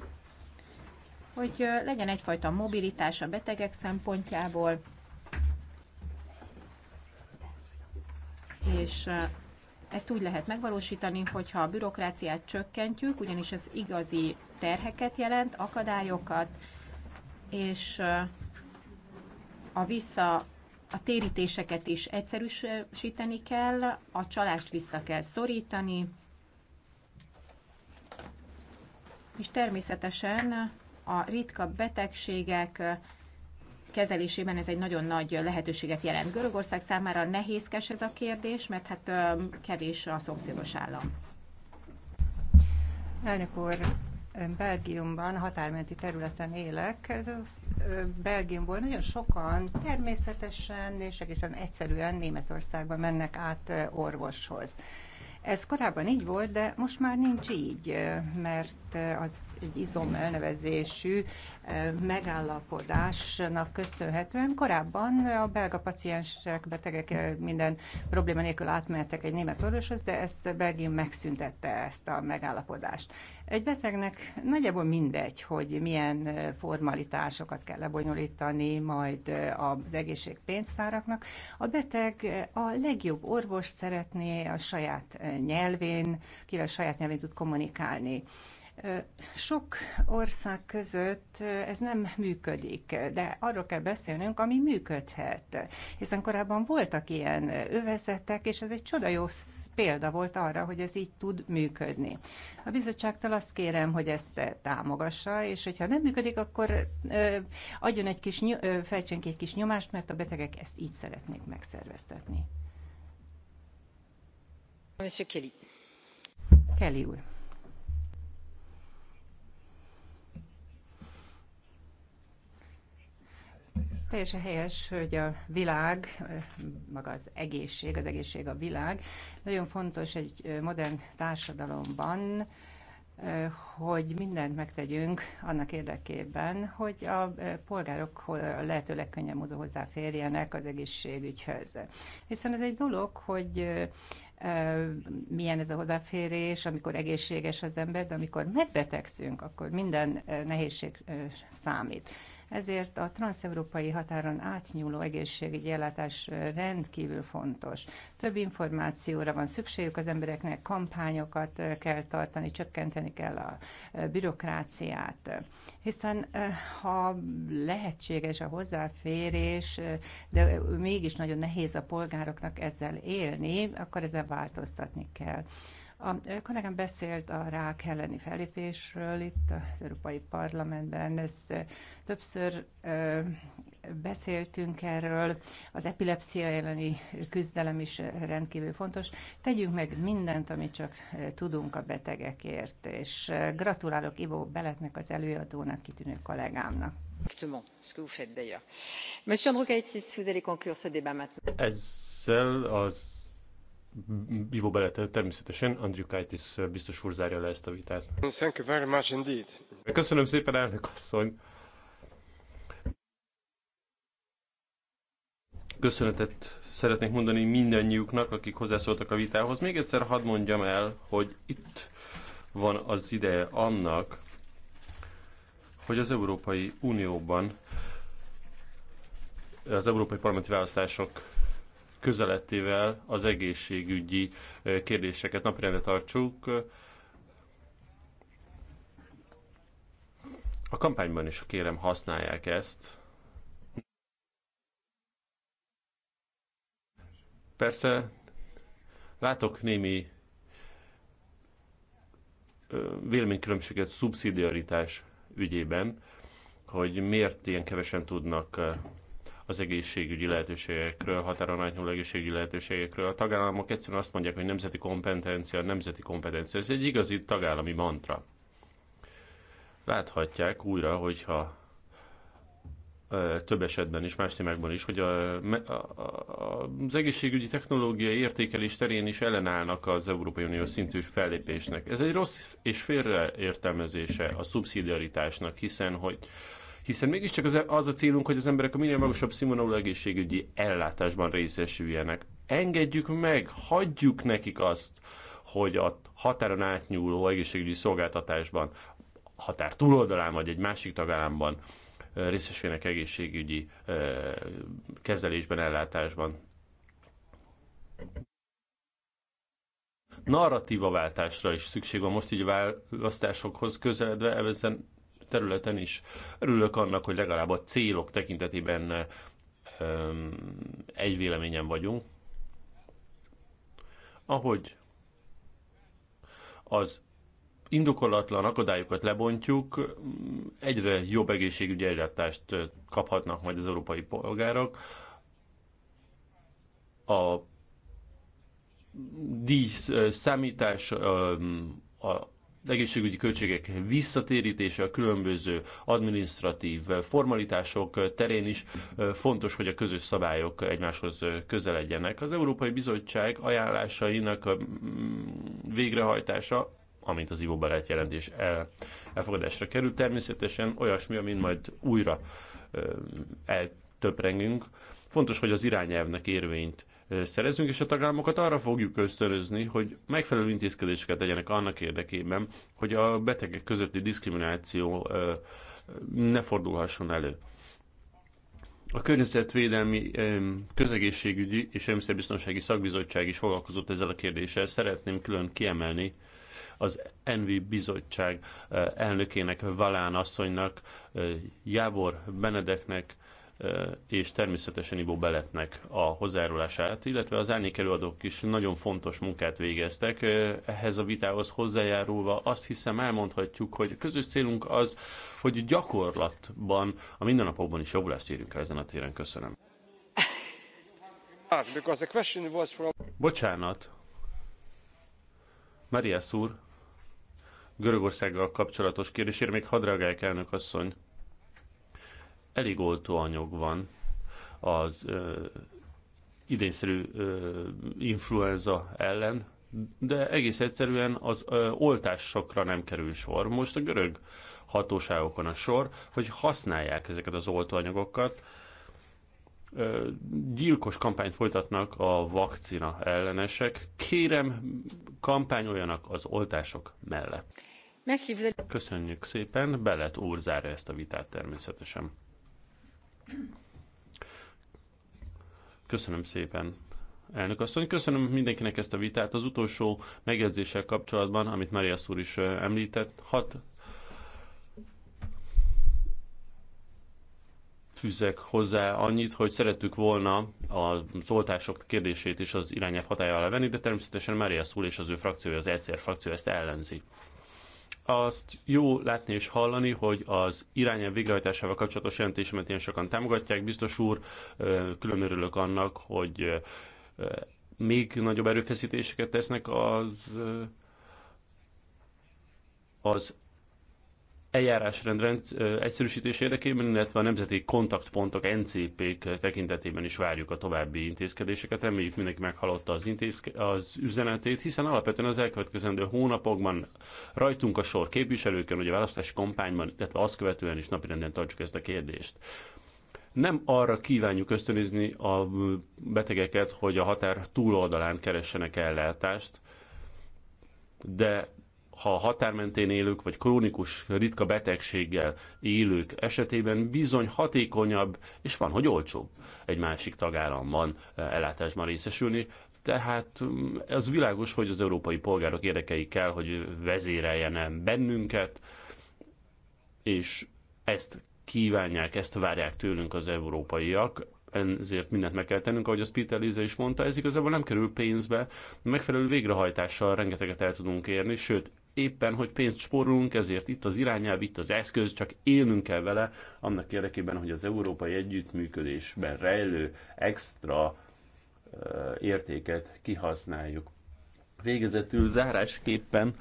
hogy legyen egyfajta mobilitás a betegek szempontjából, és eh, ezt úgy lehet megvalósítani, hogyha a bürokráciát csökkentjük, ugyanis ez igazi terheket jelent, akadályokat, és eh, a vissza a térítéseket is egyszerűsíteni kell, a csalást vissza kell szorítani, és természetesen a ritka betegségek kezelésében ez egy nagyon nagy lehetőséget jelent. Görögország számára nehézkes ez a kérdés, mert hát kevés a szomszédos állam. Elnök úr, Belgiumban, határmenti területen élek. Ez az, Belgiumból nagyon sokan természetesen és egészen egyszerűen Németországba mennek át orvoshoz. Ez korábban így volt, de most már nincs így, mert az egy izom elnevezésű megállapodásnak köszönhetően korábban a belga paciensek, betegek minden probléma nélkül átmentek egy német orvoshoz, de ezt Belgium megszüntette ezt a megállapodást. Egy betegnek nagyjából mindegy, hogy milyen formalitásokat kell lebonyolítani majd az egészségpénztáraknak. A beteg a legjobb orvos szeretné a saját nyelvén, kivel saját nyelvén tud kommunikálni. Sok ország között ez nem működik, de arról kell beszélnünk, ami működhet. Hiszen korábban voltak ilyen övezetek, és ez egy csoda jó példa volt arra, hogy ez így tud működni. A bizottságtól azt kérem, hogy ezt támogassa, és hogyha nem működik, akkor adjon egy kis, fejtsen egy kis nyomást, mert a betegek ezt így szeretnék megszerveztetni. Monsieur Kelly. Kelly úr. Teljesen helyes, hogy a világ, maga az egészség, az egészség a világ, nagyon fontos egy modern társadalomban, hogy mindent megtegyünk annak érdekében, hogy a polgárok lehető legkönnyebb módon hozzáférjenek az egészségügyhöz. Hiszen ez egy dolog, hogy milyen ez a hozzáférés, amikor egészséges az ember, de amikor megbetegszünk, akkor minden nehézség számít ezért a transeurópai határon átnyúló egészségügyi ellátás rendkívül fontos. Több információra van szükségük az embereknek, kampányokat kell tartani, csökkenteni kell a bürokráciát. Hiszen ha lehetséges a hozzáférés, de mégis nagyon nehéz a polgároknak ezzel élni, akkor ezzel változtatni kell. A kollégám beszélt a rák elleni fellépésről itt az Európai Parlamentben, Ezt többször beszéltünk erről, az epilepsia elleni küzdelem is rendkívül fontos. Tegyünk meg mindent, amit csak tudunk a betegekért, és gratulálok Ivo Beletnek, az előadónak, kitűnő kollégámnak. Ezzel az Ivo Belete, természetesen Kaitis biztos úr zárja le ezt a vitát. Thank you very much indeed. Köszönöm szépen, elnök asszony. Köszönetet szeretnék mondani mindannyiuknak, akik hozzászóltak a vitához. Még egyszer hadd mondjam el, hogy itt van az ideje annak, hogy az Európai Unióban az Európai Parlamenti Választások közelettével az egészségügyi kérdéseket napirendre tartsuk. A kampányban is kérem használják ezt. Persze látok némi véleménykülönbséget szubszidiaritás ügyében, hogy miért ilyen kevesen tudnak az egészségügyi lehetőségekről, határon átnyúló egészségügyi lehetőségekről. A tagállamok egyszerűen azt mondják, hogy nemzeti kompetencia, nemzeti kompetencia. Ez egy igazi tagállami mantra. Láthatják újra, hogyha több esetben is, más témákban is, hogy a, a, a, az egészségügyi technológiai értékelés terén is ellenállnak az Európai Unió szintű fellépésnek. Ez egy rossz és félreértelmezése a szubszidiaritásnak, hiszen hogy hiszen mégiscsak az, az a célunk, hogy az emberek a minél magasabb színvonalú egészségügyi ellátásban részesüljenek. Engedjük meg, hagyjuk nekik azt, hogy a határon átnyúló egészségügyi szolgáltatásban, határ túloldalán vagy egy másik tagállamban részesüljenek egészségügyi kezelésben, ellátásban. Narratívaváltásra is szükség van most így választásokhoz közeledve, ezen területen is. Örülök annak, hogy legalább a célok tekintetében egy véleményen vagyunk. Ahogy az indokolatlan akadályokat lebontjuk, egyre jobb egészségügyi ellátást kaphatnak majd az európai polgárok. A díj számítás, a egészségügyi költségek visszatérítése a különböző administratív formalitások terén is fontos, hogy a közös szabályok egymáshoz közeledjenek. Az Európai Bizottság ajánlásainak a végrehajtása amint az Ivo Barát jelentés el, elfogadásra kerül, természetesen olyasmi, amin majd újra eltöprengünk. Fontos, hogy az irányelvnek érvényt szerezünk, és a tagállamokat arra fogjuk ösztönözni, hogy megfelelő intézkedéseket tegyenek annak érdekében, hogy a betegek közötti diszkrimináció ne fordulhasson elő. A környezetvédelmi, közegészségügyi és Emszerbiztonsági szakbizottság is foglalkozott ezzel a kérdéssel. Szeretném külön kiemelni az Envi bizottság elnökének, Valán asszonynak, Jávor Benedeknek, és természetesen Ivo Beletnek a hozzájárulását, illetve az árnyék előadók is nagyon fontos munkát végeztek. Ehhez a vitához hozzájárulva azt hiszem elmondhatjuk, hogy a közös célunk az, hogy gyakorlatban, a mindennapokban is javulást érjünk el ezen a téren. Köszönöm. Ah, Bocsánat. Maria Szúr, Görögországgal kapcsolatos kérdésére még hadd reagálják elnök asszony elég oltóanyag van az ö, idényszerű ö, influenza ellen, de egész egyszerűen az ö, oltásokra nem kerül sor. Most a görög hatóságokon a sor, hogy használják ezeket az oltóanyagokat, ö, gyilkos kampányt folytatnak a vakcina ellenesek. Kérem, kampányoljanak az oltások mellett. Köszönjük szépen, Belet úr zárja ezt a vitát természetesen. Köszönöm szépen. Elnök asszony, köszönöm mindenkinek ezt a vitát. Az utolsó megjegyzéssel kapcsolatban, amit Marias úr is említett, hat fűzek hozzá annyit, hogy szerettük volna a oltások kérdését is az irányelv hatája alá venni, de természetesen Mária úr és az ő frakciója, az egyszer frakció ezt ellenzi azt jó látni és hallani, hogy az irányelv végrehajtásával kapcsolatos jelentésemet ilyen sokan támogatják. Biztos úr, külön örülök annak, hogy még nagyobb erőfeszítéseket tesznek az az eljárásrend egyszerűsítés érdekében, illetve a nemzeti kontaktpontok, NCP-k tekintetében is várjuk a további intézkedéseket. Reméljük mindenki meghallotta az, intézke- az üzenetét, hiszen alapvetően az elkövetkezendő hónapokban rajtunk a sor képviselőkön, hogy a választási kampányban, illetve azt követően is napirenden tartsuk ezt a kérdést nem arra kívánjuk ösztönözni a betegeket, hogy a határ túloldalán keressenek ellátást, de ha határmentén élők vagy krónikus ritka betegséggel élők esetében bizony hatékonyabb, és van, hogy olcsóbb egy másik tagállamban eh, ellátásban részesülni. Tehát ez mm, világos, hogy az európai polgárok érdekei kell, hogy vezéreljen bennünket, és ezt kívánják, ezt várják tőlünk az európaiak, ezért mindent meg kell tennünk, ahogy azt Peter Lisa is mondta, ez igazából nem kerül pénzbe, megfelelő végrehajtással rengeteget el tudunk érni, sőt, éppen, hogy pénzt spórolunk, ezért itt az irányelv, itt az eszköz, csak élnünk kell vele, annak érdekében, hogy az európai együttműködésben rejlő extra értéket kihasználjuk. Végezetül zárásképpen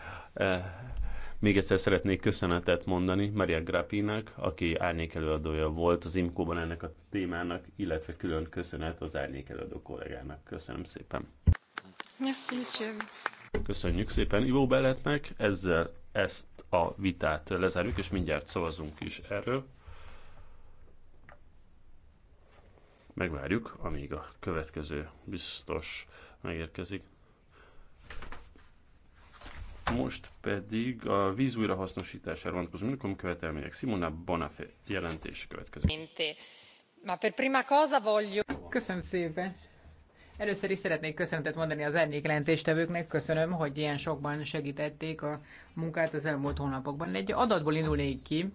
még egyszer szeretnék köszönetet mondani Maria Grappinak, aki árnyékelőadója volt az IMCO-ban ennek a témának, illetve külön köszönet az árnyékelőadó kollégának. Köszönöm szépen! Merci, monsieur. Köszönjük szépen Ivó Belletnek, ezzel ezt a vitát lezárjuk, és mindjárt szavazunk is erről. Megvárjuk, amíg a következő biztos megérkezik. Most pedig a víz újrahasznosítására vonatkozó minikom követelmények Simona Bonafé jelentése következik. Köszönöm szépen! Először is szeretnék köszönetet mondani az árnyékjelentéstevőknek. Köszönöm, hogy ilyen sokban segítették a munkát az elmúlt hónapokban. Egy adatból indulnék ki.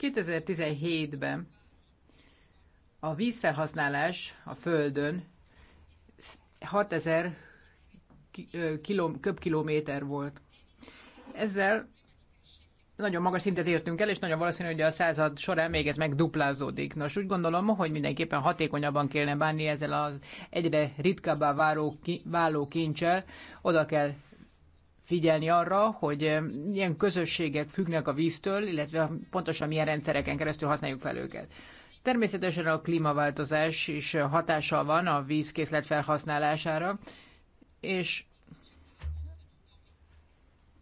2017-ben a vízfelhasználás a Földön 6000 köbkilométer volt. Ezzel nagyon magas szintet értünk el, és nagyon valószínű, hogy a század során még ez megduplázódik. Nos, úgy gondolom, hogy mindenképpen hatékonyabban kellene bánni ezzel az egyre ritkábbá váló, váló kincsel. Oda kell figyelni arra, hogy eh, milyen közösségek függnek a víztől, illetve pontosan milyen rendszereken keresztül használjuk fel őket. Természetesen a klímaváltozás is hatással van a vízkészlet felhasználására, és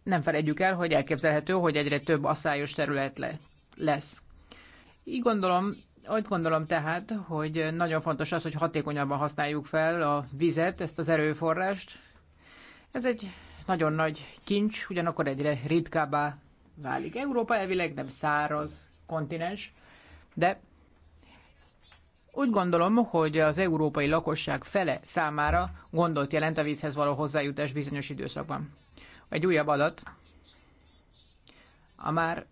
nem felejtjük el, hogy elképzelhető, hogy egyre több asszályos terület le, lesz. Így gondolom, úgy gondolom tehát, hogy nagyon fontos az, hogy hatékonyabban használjuk fel a vizet, ezt az erőforrást. Ez egy nagyon nagy kincs, ugyanakkor egyre ritkábbá válik. Európa elvileg nem száraz kontinens, de úgy gondolom, hogy az európai lakosság fele számára gondot jelent a vízhez való hozzájutás bizonyos időszakban. Egy újabb adat, a már,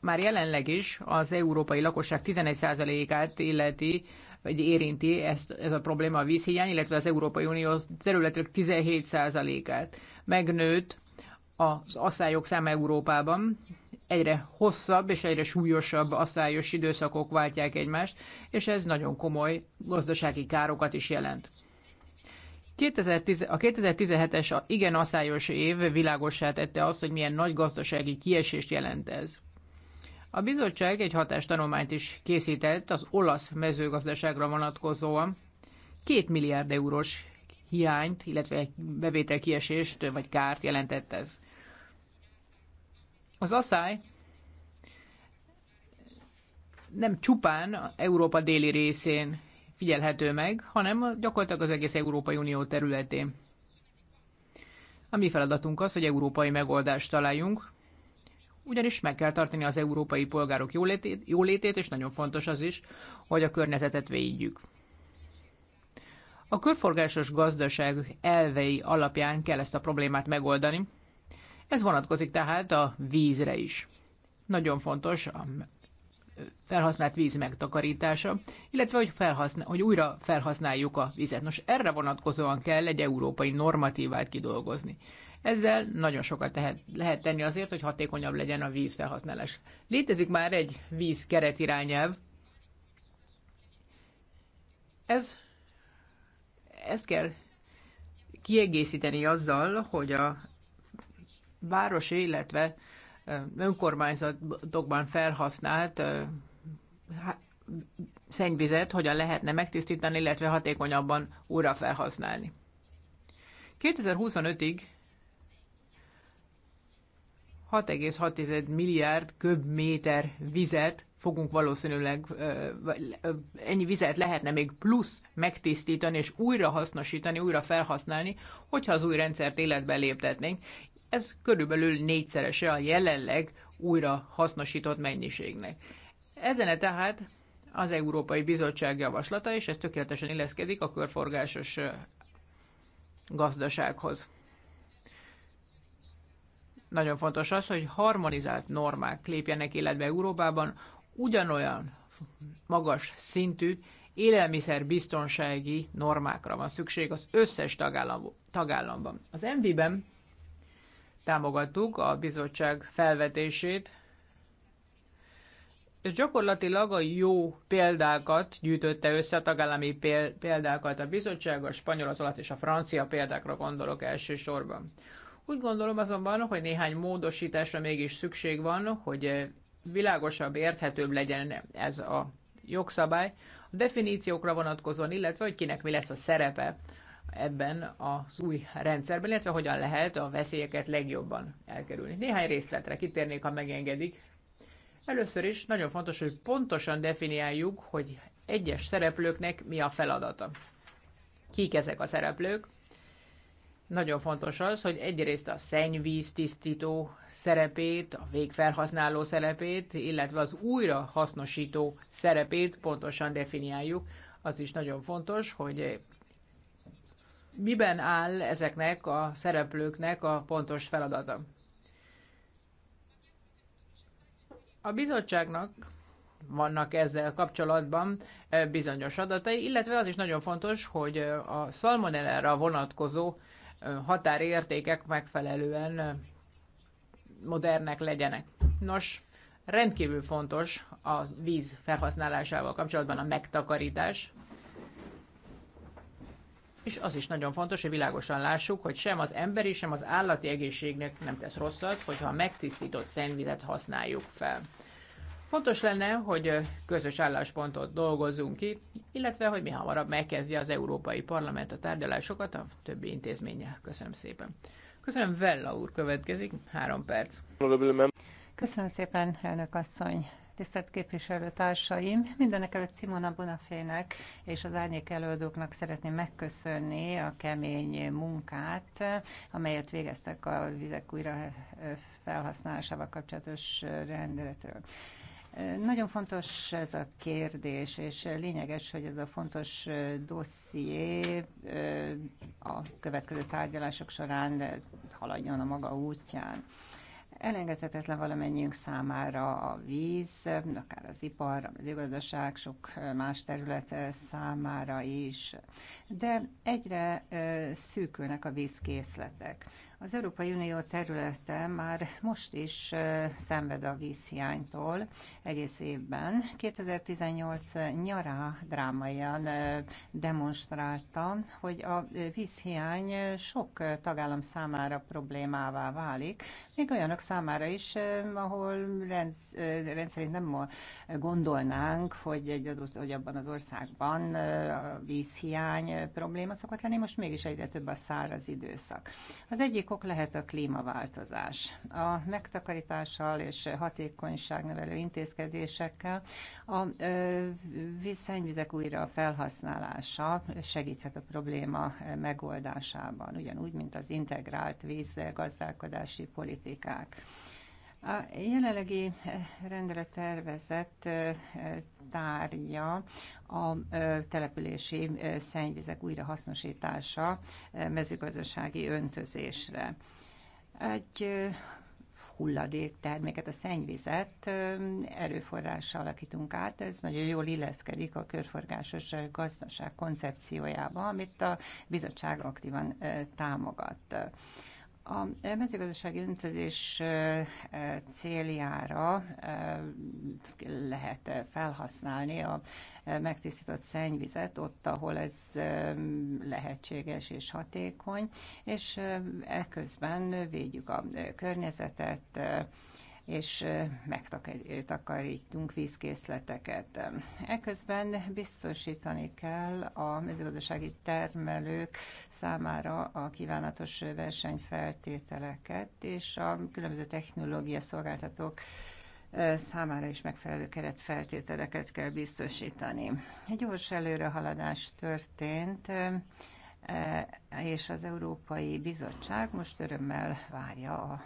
már jelenleg is az európai lakosság 11%-át illeti, vagy érinti ezt, ez a probléma a vízhiány, illetve az Európai Unió területek 17%-át. Megnőtt az asszályok száma Európában, egyre hosszabb és egyre súlyosabb asszályos időszakok váltják egymást, és ez nagyon komoly gazdasági károkat is jelent a 2017-es a igen aszályos év világossá tette azt, hogy milyen nagy gazdasági kiesést jelent ez. A bizottság egy hatástanulmányt is készített az olasz mezőgazdaságra vonatkozóan. Két milliárd eurós hiányt, illetve bevétel kiesést vagy kárt jelentett ez. Az asszály nem csupán Európa déli részén figyelhető meg, hanem gyakorlatilag az egész Európai Unió területén. A mi feladatunk az, hogy európai megoldást találjunk, ugyanis meg kell tartani az európai polgárok jólétét, jólétét és nagyon fontos az is, hogy a környezetet védjük. A körforgásos gazdaság elvei alapján kell ezt a problémát megoldani. Ez vonatkozik tehát a vízre is. Nagyon fontos felhasznált víz megtakarítása, illetve hogy, felhaszna, hogy újra felhasználjuk a vizet. Nos, erre vonatkozóan kell egy európai normatívát kidolgozni. Ezzel nagyon sokat tehet, lehet tenni azért, hogy hatékonyabb legyen a vízfelhasználás. Létezik már egy víz keretirányelv. Ez, ezt kell kiegészíteni azzal, hogy a városi, illetve önkormányzatokban felhasznált szennyvizet hogyan lehetne megtisztítani, illetve hatékonyabban újra felhasználni. 2025-ig 6,6 milliárd köbméter vizet fogunk valószínűleg, ennyi vizet lehetne még plusz megtisztítani és újra hasznosítani, újra felhasználni, hogyha az új rendszert életbe léptetnénk. Ez körülbelül négyszerese a jelenleg újra hasznosított mennyiségnek. Ezen e tehát az Európai Bizottság javaslata, és ez tökéletesen illeszkedik a körforgásos gazdasághoz. Nagyon fontos az, hogy harmonizált normák lépjenek életbe Európában, ugyanolyan magas szintű élelmiszerbiztonsági normákra van szükség az összes tagállam, tagállamban. Az MV-ben támogattuk a bizottság felvetését, és gyakorlatilag a jó példákat gyűjtötte össze, a tagállami példákat a bizottság, a spanyol, az olasz és a francia példákra gondolok elsősorban. Úgy gondolom azonban, hogy néhány módosításra mégis szükség van, hogy világosabb, érthetőbb legyen ez a jogszabály, a definíciókra vonatkozóan, illetve hogy kinek mi lesz a szerepe ebben az új rendszerben, illetve hogyan lehet a veszélyeket legjobban elkerülni. Néhány részletre kitérnék, ha megengedik. Először is nagyon fontos, hogy pontosan definiáljuk, hogy egyes szereplőknek mi a feladata. Kik ezek a szereplők? Nagyon fontos az, hogy egyrészt a szennyvíz tisztító szerepét, a végfelhasználó szerepét, illetve az újra hasznosító szerepét pontosan definiáljuk. Az is nagyon fontos, hogy miben áll ezeknek a szereplőknek a pontos feladata. A bizottságnak vannak ezzel kapcsolatban e, bizonyos adatai, illetve az is nagyon fontos, hogy e, a szalmonellára vonatkozó e, határértékek megfelelően modernek legyenek. Nos, rendkívül fontos a víz felhasználásával kapcsolatban a megtakarítás. És az is nagyon fontos, hogy világosan lássuk, hogy sem az emberi, sem az állati egészségnek nem tesz rosszat, hogyha a megtisztított szennyvizet használjuk fel. Fontos lenne, hogy közös álláspontot dolgozzunk ki, illetve hogy mi hamarabb megkezdje az Európai Parlament a tárgyalásokat a többi intézménye. Köszönöm szépen. Köszönöm, Vella úr következik, három perc. Köszönöm szépen, elnök asszony, Tisztelt társaim! mindenek előtt Simona Bonafének és az árnyék előadóknak szeretném megköszönni a kemény munkát, amelyet végeztek a vizek újra felhasználásával kapcsolatos rendeletről. Nagyon fontos ez a kérdés, és lényeges, hogy ez a fontos dosszié a következő tárgyalások során haladjon a maga útján. Elengedhetetlen valamennyiünk számára a víz, akár az ipar, a mezőgazdaság, sok más terület számára is. De egyre szűkülnek a vízkészletek. Az Európai Unió területe már most is szenved a vízhiánytól egész évben. 2018 nyará drámaian demonstrálta, hogy a vízhiány sok tagállam számára problémává válik, még olyanok számára is, ahol rendszerint nem gondolnánk, hogy, egy adott, hogy abban az országban a vízhiány probléma szokott lenni, most mégis egyre több a száraz időszak. Az egyik okok lehet a klímaváltozás. A megtakarítással és hatékonyságnevelő intézkedésekkel a szennyvizek újra felhasználása segíthet a probléma megoldásában, ugyanúgy, mint az integrált vízgazdálkodási politikák. A jelenlegi eh, rendelettervezet eh, tárgya a eh, települési szennyvizek újrahasznosítása mezőgazdasági öntözésre. Egy hulladék terméket, a szennyvizet erőforrással alakítunk át. Ez nagyon jól illeszkedik a körforgásos gazdaság koncepciójába, amit a bizottság aktívan támogat. A mezőgazdasági öntözés céljára lehet felhasználni a megtisztított szennyvizet ott, ahol ez lehetséges és hatékony, és ekközben védjük a környezetet, és megtakarítunk vízkészleteket. Eközben biztosítani kell a mezőgazdasági termelők számára a kívánatos versenyfeltételeket, és a különböző technológia szolgáltatók számára is megfelelő keretfeltételeket kell biztosítani. Egy gyors előrehaladás történt, Eh, és az Európai Bizottság most örömmel várja a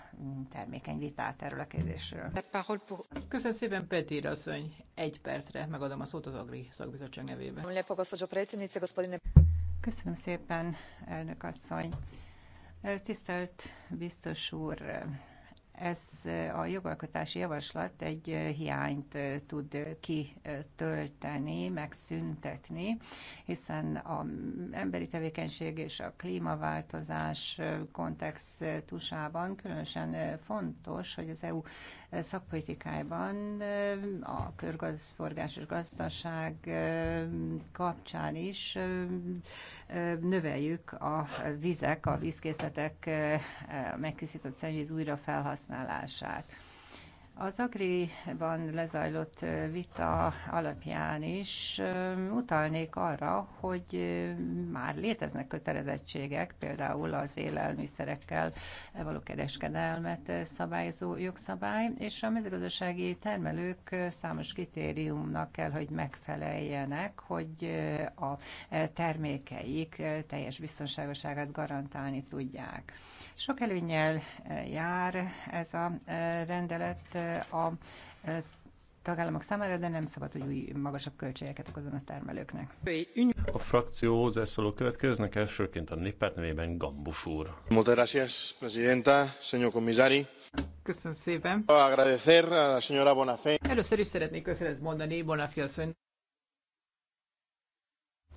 termékeny vitát erről a kérdésről. Köszönöm szépen, Petir asszony. Egy percre megadom a szót az Agri Szakbizottság nevében. Köszönöm szépen, elnök asszony. Eh, tisztelt biztos úr, ez a jogalkotási javaslat egy hiányt tud kitölteni, megszüntetni, hiszen az emberi tevékenység és a klímaváltozás kontextusában különösen fontos, hogy az EU szakpolitikájban a körgazforgásos gazdaság kapcsán is növeljük a vizek, a vízkészletek megkészített szennyvíz újrafelhasználását. Az Agriban lezajlott vita alapján is utalnék arra, hogy már léteznek kötelezettségek, például az élelmiszerekkel való kereskedelmet szabályozó jogszabály, és a mezőgazdasági termelők számos kritériumnak kell, hogy megfeleljenek, hogy a termékeik teljes biztonságoságát garantálni tudják. Sok előnyel jár ez a rendelet, a tagállamok számára, de nem szabad, hogy új magasabb költségeket okozon a termelőknek. A frakció hozzászóló következnek elsőként a néppárt nevében Gambus úr. presidenta, señor Köszönöm szépen. Agradecer a la señora Bonafé. Először is szeretnék köszönet mondani Bonafé asszony.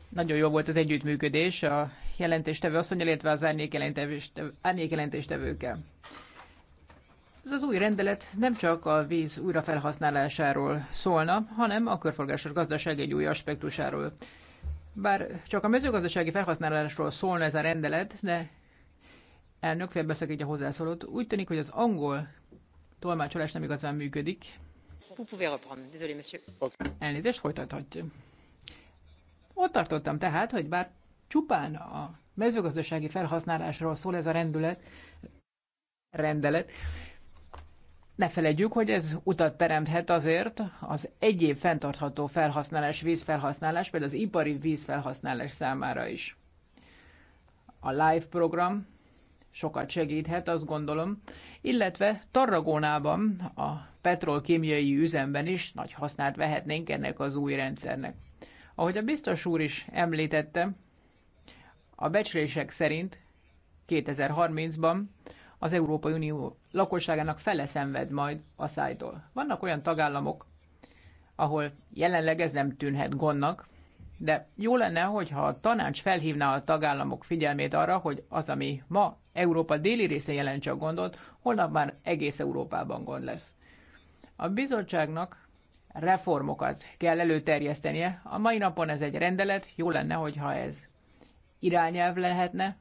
Nagyon jó volt az együttműködés a jelentéstevő asszony, illetve az árnyék jelentéstevőkkel. Ez az új rendelet nem csak a víz újrafelhasználásáról szólna, hanem a körforgásos gazdaság egy új aspektusáról. Bár csak a mezőgazdasági felhasználásról szólna ez a rendelet, de elnök félbeszakítja hozzászólót. Úgy tűnik, hogy az angol tolmácsolás nem igazán működik. Elnézést, folytathatja. Ott tartottam tehát, hogy bár csupán a mezőgazdasági felhasználásról szól ez a rendület, rendelet, ne felejtjük, hogy ez utat teremthet azért az egyéb fenntartható felhasználás, vízfelhasználás, például az ipari vízfelhasználás számára is. A live program sokat segíthet, azt gondolom, illetve Tarragónában, a petrolkémiai üzemben is nagy hasznát vehetnénk ennek az új rendszernek. Ahogy a biztos úr is említette, a becslések szerint 2030-ban az Európai Unió lakosságának fele szenved majd a szájtól. Vannak olyan tagállamok, ahol jelenleg ez nem tűnhet gondnak, de jó lenne, hogyha a tanács felhívná a tagállamok figyelmét arra, hogy az, ami ma Európa déli része jelent csak gondot, holnap már egész Európában gond lesz. A bizottságnak reformokat kell előterjesztenie. A mai napon ez egy rendelet, jó lenne, hogyha ez irányelv lehetne,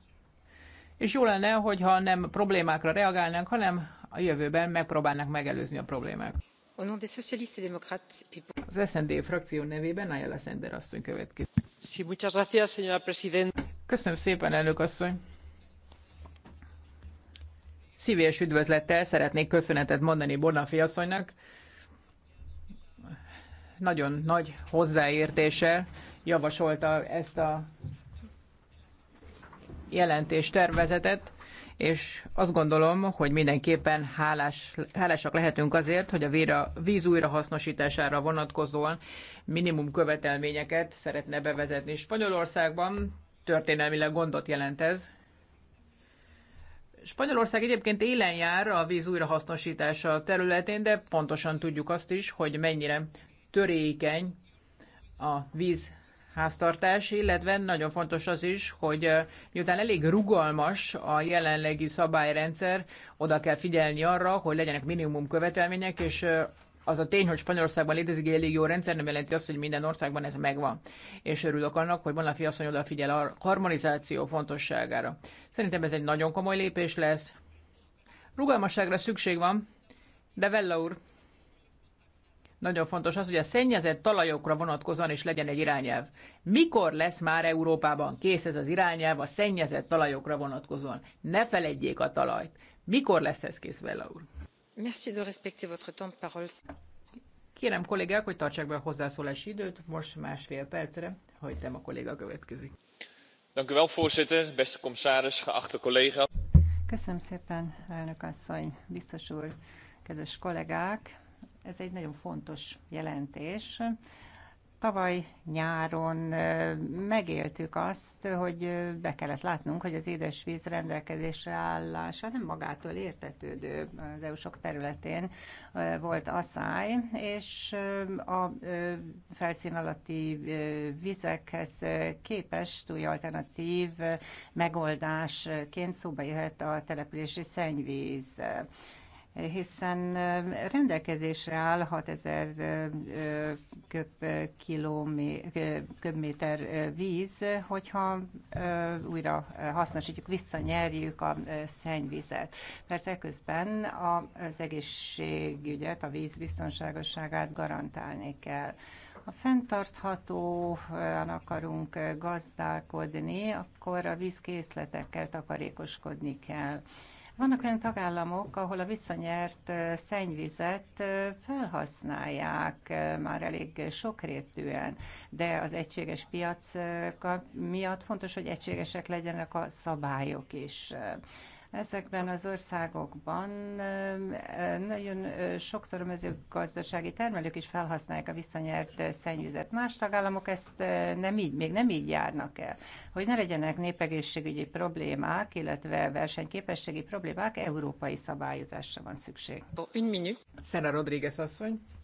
és jó lenne, hogyha nem problémákra reagálnánk, hanem a jövőben megpróbálnak megelőzni a problémák. Az SND frakció nevében Ayala Sender asszony következik. Köszönöm szépen, elnök asszony. Szíves üdvözlettel szeretnék köszönetet mondani Bonafi asszonynak. Nagyon nagy hozzáértéssel javasolta ezt a jelentés tervezetet, és azt gondolom, hogy mindenképpen hálás, hálásak lehetünk azért, hogy a víra, víz újrahasznosítására vonatkozóan minimum követelményeket szeretne bevezetni. Spanyolországban történelmileg gondot jelent ez. Spanyolország egyébként élen jár a víz újrahasznosítása területén, de pontosan tudjuk azt is, hogy mennyire törékeny a víz háztartás, illetve nagyon fontos az is, hogy miután elég rugalmas a jelenlegi szabályrendszer, oda kell figyelni arra, hogy legyenek minimum követelmények, és az a tény, hogy Spanyolországban létezik egy elég jó rendszer, nem jelenti azt, hogy minden országban ez megvan. És örülök annak, hogy Bonafé asszony odafigyel a harmonizáció fontosságára. Szerintem ez egy nagyon komoly lépés lesz. Rugalmasságra szükség van, de Vella úr, nagyon fontos az, hogy a szennyezett talajokra vonatkozóan is legyen egy irányelv. Mikor lesz már Európában kész ez az irányelv a szennyezett talajokra vonatkozóan? Ne feledjék a talajt. Mikor lesz ez kész, Vella úr? Merci de respecter votre temps de parole. Kérem kollégák, hogy tartsák be a hozzászólási időt, most másfél percre, hogy nem a kolléga következik. Dank u wel, voorzitter, beste commissaris, geachte collega. Köszönöm szépen, elnök asszony, biztos úr, kedves kollégák! ez egy nagyon fontos jelentés. Tavaly nyáron megéltük azt, hogy be kellett látnunk, hogy az édesvíz rendelkezésre állása nem magától értetődő az eu sok területén volt asszály, és a felszín alatti vizekhez képest új alternatív megoldásként szóba jöhet a települési szennyvíz hiszen rendelkezésre áll 6000 köbméter víz, hogyha újra hasznosítjuk, visszanyerjük a szennyvizet. Persze közben az egészségügyet, a víz biztonságosságát garantálni kell. Ha fenntarthatóan akarunk gazdálkodni, akkor a vízkészletekkel takarékoskodni kell vannak olyan tagállamok, ahol a visszanyert szennyvizet felhasználják már elég sokrétűen, de az egységes piac miatt fontos, hogy egységesek legyenek a szabályok is. Ezekben az országokban nagyon sokszor a mezőgazdasági termelők is felhasználják a visszanyert szennyvizet. Más tagállamok ezt nem így, még nem így járnak el. Hogy ne legyenek népegészségügyi problémák, illetve versenyképességi problémák, európai szabályozásra van szükség. Egy Szena Rodríguez asszony.